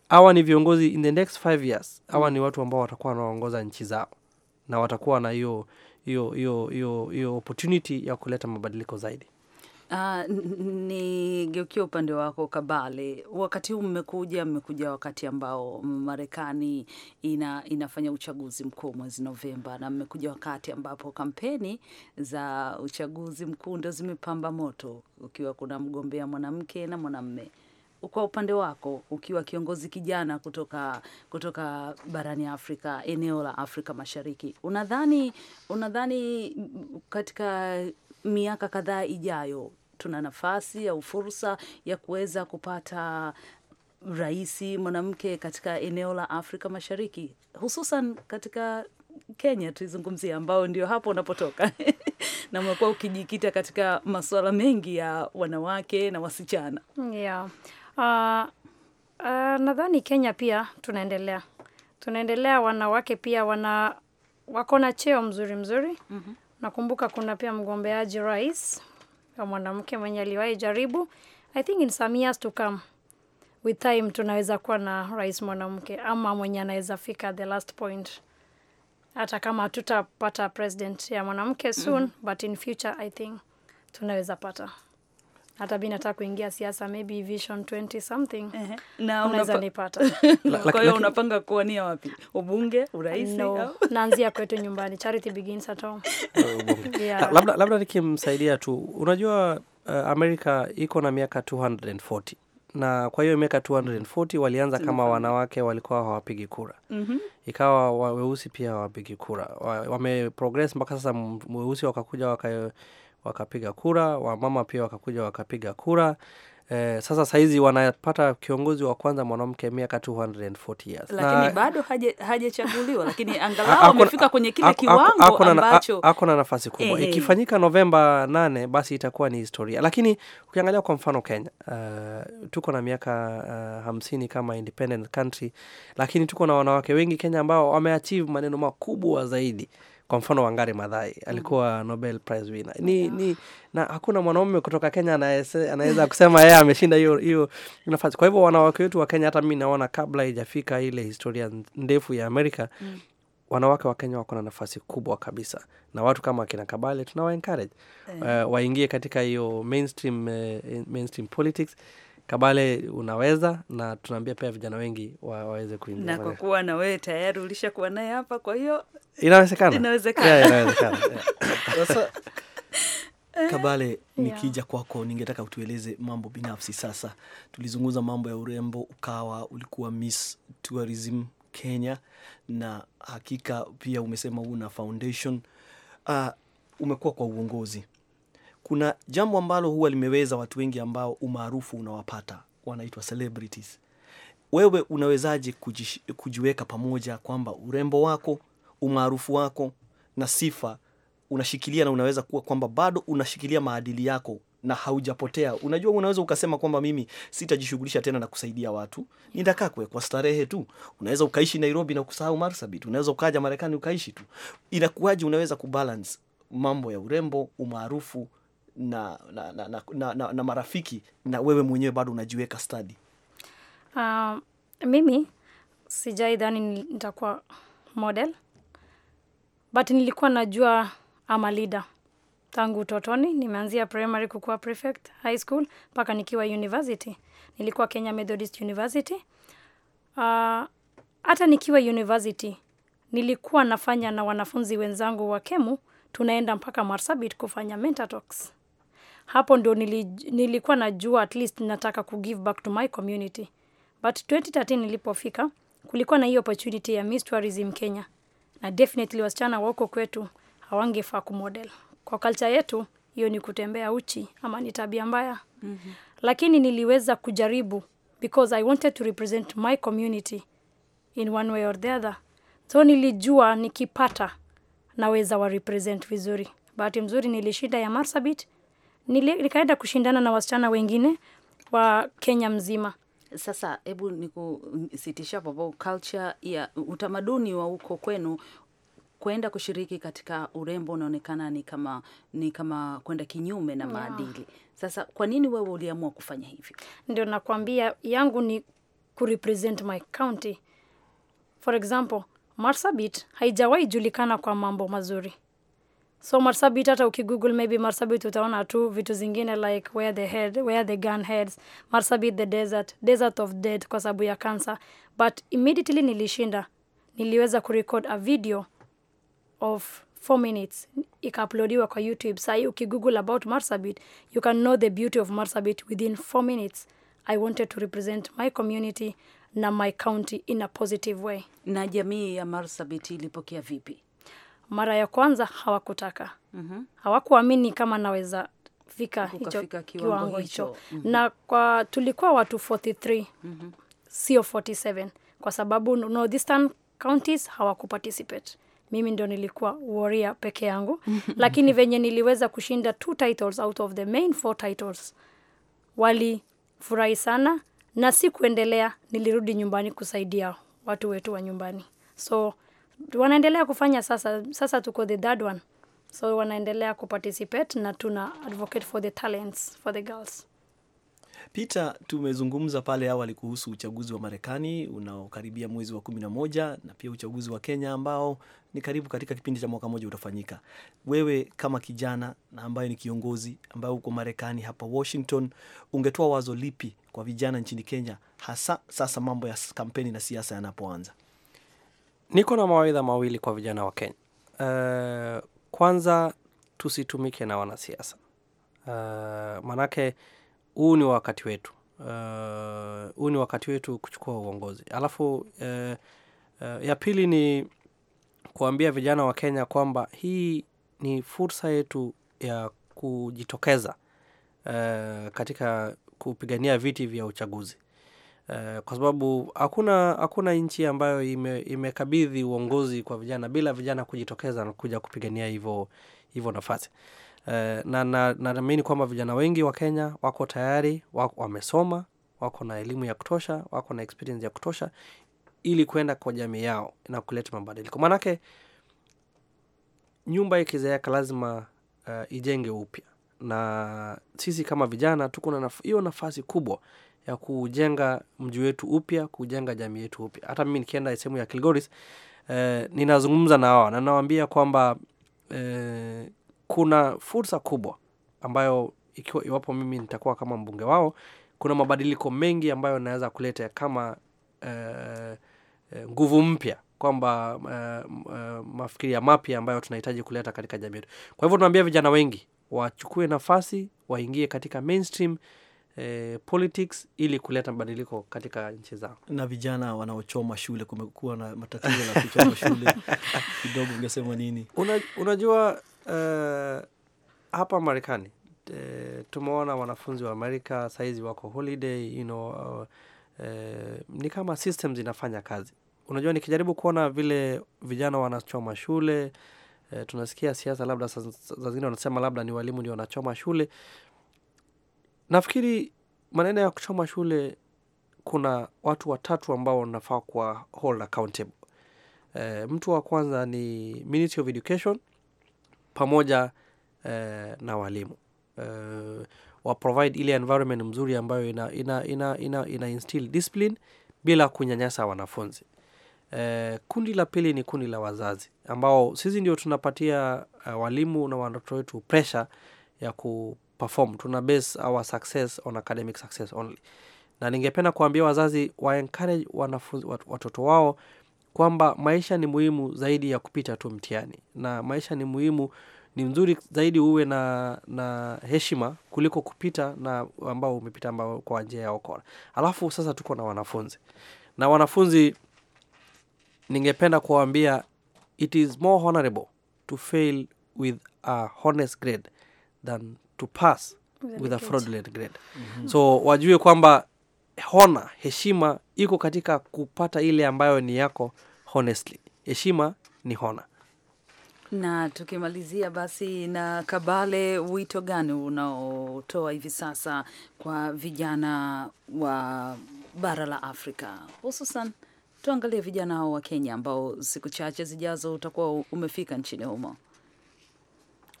hawa ni viongozi in the next 5 years hawa mm -hmm. ni watu ambao watakuwa wanaongoza nchi zao na watakuwa na hiyo hiyo hiyo hiyo hiyo opportunity ya kuleta mabadiliko zaidi. Uh, ah, geukia upande wako Kabale, wakati huu mmekuja mmekuja wakati ambao Marekani ina, inafanya uchaguzi mkuu mwezi Novemba, na mmekuja wakati ambapo kampeni za uchaguzi mkuu ndo zimepamba moto, ukiwa kuna mgombea mwanamke na mwanamme kwa upande wako ukiwa kiongozi kijana kutoka kutoka barani Afrika, eneo la Afrika Mashariki, unadhani unadhani katika miaka kadhaa ijayo tuna nafasi au fursa ya kuweza kupata rais mwanamke katika eneo la Afrika Mashariki, hususan katika Kenya tuizungumzia, ambao ndio hapo unapotoka na umekuwa ukijikita katika masuala mengi ya wanawake na wasichana yeah. Uh, uh, nadhani Kenya pia tunaendelea tunaendelea, wanawake pia wana wako na cheo mzuri mzuri. mm -hmm. Nakumbuka kuna pia mgombeaji rais wa mwanamke mwenye aliwahi jaribu. I think in some years to come with time tunaweza kuwa na rais mwanamke ama mwenye anaweza fika the last point, hata kama hatutapata president ya mwanamke soon. mm -hmm. But in future I think tunaweza pata hata mi nataka kuingia siasa maybe vision 20 something na unaweza nipata. Kwa hiyo unapanga kuwania wapi? Ubunge, urais? No, naanzia kwetu nyumbani. Charity begins at home. Oh, labda labda nikimsaidia tu, unajua uh, Amerika iko na miaka 240 na kwa hiyo miaka 240 walianza kama wanawake walikuwa hawapigi kura. mm -hmm. Ikawa weusi pia hawapigi kura, wameprogress mpaka sasa, weusi wakakuja wakae wakapiga kura, wamama pia wakakuja wakapiga kura. Eh, sasa sahizi wanapata kiongozi wa kwanza mwanamke miaka 240 years, lakini bado hajachaguliwa, lakini angalau amefika kwenye kile kiwango ambacho ako na nafasi kubwa. Hey, eh, eh. ikifanyika Novemba 8 basi itakuwa ni historia, lakini ukiangalia kwa mfano Kenya, uh, tuko na miaka uh, hamsini kama independent country, lakini tuko na wanawake wengi Kenya ambao wameachieve maneno makubwa zaidi kwa mfano Wangari Madhai mm. alikuwa Nobel Prize winner ni, ah. ni, na hakuna mwanaume kutoka Kenya anaweza kusema yeye ameshinda hiyo hiyo nafasi. Kwa hivyo wanawake wetu wa Kenya, hata mi naona kabla ijafika ile historia ndefu ya Amerika mm. Wanawake wa Kenya wako na nafasi kubwa kabisa, na watu kama akina Kabale tunawa encourage uh, waingie katika hiyo mainstream, uh, mainstream politics Kabale unaweza na tunaambia pia vijana wengi wa, waweze kuingia. Na kwa kuwa na wewe tayari ulishakuwa naye hapa, kwa hiyo inawezekana, inawezekana, inawezekana yeah. Eh, Kabale, nikija kwako, ningetaka utueleze mambo binafsi. Sasa tulizungumza mambo ya urembo, ukawa ulikuwa Miss Tourism Kenya na hakika pia umesema na foundation uh, umekuwa kwa uongozi kuna jambo ambalo huwa limeweza watu wengi ambao umaarufu unawapata, wanaitwa celebrities. Wewe unawezaje kujiweka pamoja kwamba urembo wako, umaarufu wako na sifa unashikilia na unaweza kuwa kwamba bado unashikilia maadili yako na haujapotea. Unajua, unaweza ukasema kwamba mimi sitajishughulisha tena na kusaidia watu, nitakaa kwa starehe tu. Unaweza ukaishi Nairobi na kusahau Marsabit, unaweza ukaja Marekani ukaishi tu. Inakuwaje unaweza kubalance mambo ya urembo, umaarufu na, na, na, na, na, na marafiki na wewe mwenyewe bado unajiweka stadi? Uh, mimi sijai dhani nitakuwa model but nilikuwa najua ama leader tangu utotoni. Nimeanzia primary kukuwa prefect, high school mpaka nikiwa university. Nilikuwa Kenya Methodist University. Uh, hata nikiwa university nilikuwa nafanya na wanafunzi wenzangu wa Kemu, tunaenda mpaka Marsabit kufanya mentor talks hapo ndio nili, nilikuwa najua at least nataka ku give back to my community but 2013 nilipofika kulikuwa na hiyo opportunity ya Miss Tourism Kenya na definitely wasichana wako kwetu hawangefaa kumodel kwa culture yetu hiyo ni kutembea uchi ama ni tabia mbaya mm -hmm. lakini niliweza kujaribu because I wanted to represent my community in one way or the other so nilijua nikipata naweza wa represent vizuri bahati mzuri nilishinda ya Marsabit nikaenda kushindana na wasichana wengine wa Kenya mzima. Sasa hebu nikusitisha hapo, culture ya utamaduni wa huko kwenu kwenda kushiriki katika urembo unaonekana ni kama ni kama kwenda kinyume na maadili. Sasa kwa nini wewe uliamua kufanya hivyo? Ndio nakwambia yangu ni kurepresent my county. For example, Marsabit haijawahi julikana kwa mambo mazuri so marsabit hata ukigoogle maybe marsabit utaona tu vitu zingine like where the head where the gun heads marsabit the desert desert of dead kwa sababu ya cancer but immediately nilishinda niliweza kurecord a video of 4 minutes ikauploadiwa kwa youtube sahii ukigoogle about marsabit you can know the beauty of marsabit within 4 minutes i wanted to represent my community na my county in a positive way na jamii ya marsabit ilipokea vipi mara ya kwanza hawakutaka mm -hmm. hawakuamini kama naweza fika hicho kiwango hicho mm -hmm. na kwa tulikuwa watu 43 mm -hmm. sio 47 kwa sababu northeastern counties hawakuparticipate mimi ndio nilikuwa warrior peke yangu lakini venye niliweza kushinda two titles out of the main four titles walifurahi sana na si kuendelea nilirudi nyumbani kusaidia watu wetu wa nyumbani so wanaendelea kufanya sasa. Sasa tuko the third one, so wanaendelea kuparticipate na tuna advocate for the talents for the girls. Peter, tumezungumza pale awali kuhusu uchaguzi wa Marekani unaokaribia mwezi wa kumi na moja na pia uchaguzi wa Kenya ambao ni karibu katika kipindi cha mwaka mmoja utafanyika. Wewe kama kijana na ambaye ni kiongozi ambaye uko Marekani hapa Washington, ungetoa wazo lipi kwa vijana nchini Kenya, hasa sasa mambo ya kampeni na siasa yanapoanza? Niko na mawaidha mawili kwa vijana wa Kenya. Uh, kwanza tusitumike na wanasiasa. Uh, manake huu ni wakati wetu eh, huu uh, ni wakati wetu kuchukua uongozi. Alafu uh, uh, ya pili ni kuambia vijana wa Kenya kwamba hii ni fursa yetu ya kujitokeza uh, katika kupigania viti vya uchaguzi. Eh, kwa sababu hakuna hakuna nchi ambayo ime, imekabidhi uongozi kwa vijana bila vijana kujitokeza na kuja kupigania hivyo hivyo nafasi eh, na naamini na, kwamba vijana wengi wa Kenya wako tayari wako, wamesoma wako na elimu ya kutosha wako na experience ya kutosha ili kwenda kwa jamii yao na kuleta mabadiliko maanake nyumba ikizeeka lazima uh, ijenge upya na sisi kama vijana tuko na hiyo naf nafasi kubwa ya kujenga mji wetu upya, kujenga jamii yetu upya. Hata mimi nikienda sehemu ya Kilgoris eh, ninazungumza na wao na nawaambia kwamba eh, kuna fursa kubwa ambayo ikiwa iwapo mimi nitakuwa kama mbunge wao, kuna mabadiliko mengi ambayo naweza kuleta kama eh, eh, nguvu mpya kwamba uh, uh, mafikiria mapya ambayo tunahitaji kuleta katika jamii yetu. Kwa hivyo tunaambia vijana wengi wachukue nafasi, waingie katika mainstream Eh, politics ili kuleta mabadiliko katika nchi zao. Na vijana wanaochoma shule, kumekuwa na matatizo ya kuchoma shule kidogo, ungesema nini? Una, unajua uh, hapa Marekani uh, tumeona wanafunzi wa Amerika saizi wako holiday, you know, uh, uh, ni kama systems inafanya kazi. Unajua, nikijaribu kuona vile vijana wanachoma shule tunasikia siasa, labda saa zingine wanasema labda ni walimu ndio wanachoma shule Nafikiri maneno ya kuchoma shule, kuna watu watatu ambao wanafaa kuwa hold accountable. E, mtu wa kwanza ni Ministry of Education pamoja e, na walimu e, wa provide ile environment mzuri ambayo ina, ina, ina, ina, ina instill discipline bila kunyanyasa wanafunzi. E, kundi la pili ni kundi la wazazi ambao sisi ndio tunapatia uh, walimu na watoto wetu pressure ya ku perform, tuna base our success on academic success only, na ningependa kuambia wazazi wa encourage wanafunzi watoto wao kwamba maisha ni muhimu zaidi ya kupita tu mtihani, na maisha ni muhimu, ni mzuri zaidi uwe na, na heshima kuliko kupita na ambao umepita ambao kwa njia ya okora Alafu sasa tuko na wanafunzi na wanafunzi, ningependa kuwaambia it is more honorable to fail with a honest grade than to pass with, with a fraudulent grade mm -hmm. So wajue kwamba hona heshima iko katika kupata ile ambayo ni yako honestly. Heshima ni hona na tukimalizia basi na Kabale, wito gani unaotoa hivi sasa kwa vijana wa bara la Afrika, hususan tuangalie vijana hao wa Kenya ambao siku chache zijazo utakuwa umefika nchini humo?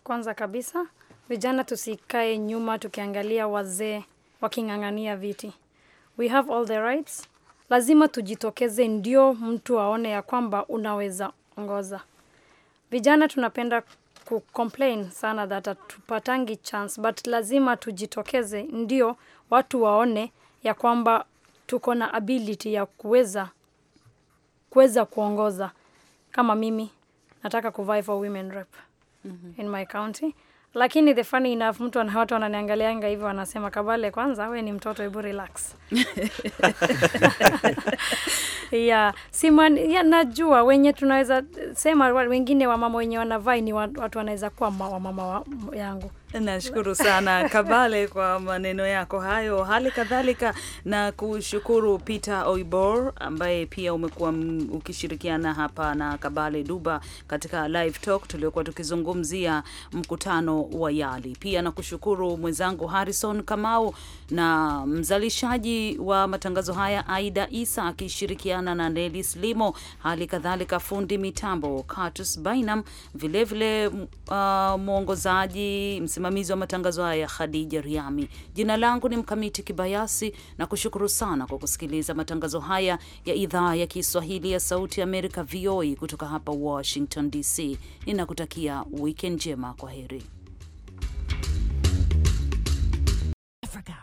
Kwanza kabisa Vijana tusikae nyuma tukiangalia wazee waking'ang'ania viti. We have all the rights. Lazima tujitokeze ndio mtu aone ya kwamba unaweza ongoza. Vijana tunapenda ku sana that hatupatangi chance, but lazima tujitokeze ndio watu waone ya kwamba tuko na ability ya kuweza kuweza kuongoza. Kama mimi nataka kuvai for women rep mm -hmm. in my county lakini the funny enough mtu ana watu wananiangalianga hivyo wanasema, Kabale, kwanza we ni mtoto, hebu relax ya si man, najua wenye tunaweza sema wengine wamama wenye wanavai ni watu wanaweza kuwa wamama wa, yangu Nashukuru sana Kabale kwa maneno yako hayo, hali kadhalika na kushukuru Peter Oibor ambaye pia umekuwa ukishirikiana hapa na Kabale Duba katika live talk tuliokuwa tukizungumzia mkutano wa YALI. Pia nakushukuru mwenzangu Harrison Kamau na mzalishaji wa matangazo haya Aida Isa akishirikiana na Nelis Limo, hali kadhalika fundi mitambo Curtis Bynum, vilevile uh, mwongozaji msimamizi wa matangazo haya Khadija Riami. Jina langu ni Mkamiti Kibayasi na kushukuru sana kwa kusikiliza matangazo haya ya idhaa ya Kiswahili ya Sauti ya Amerika, VOA, kutoka hapa Washington DC. Ninakutakia weekend njema. Kwa heri.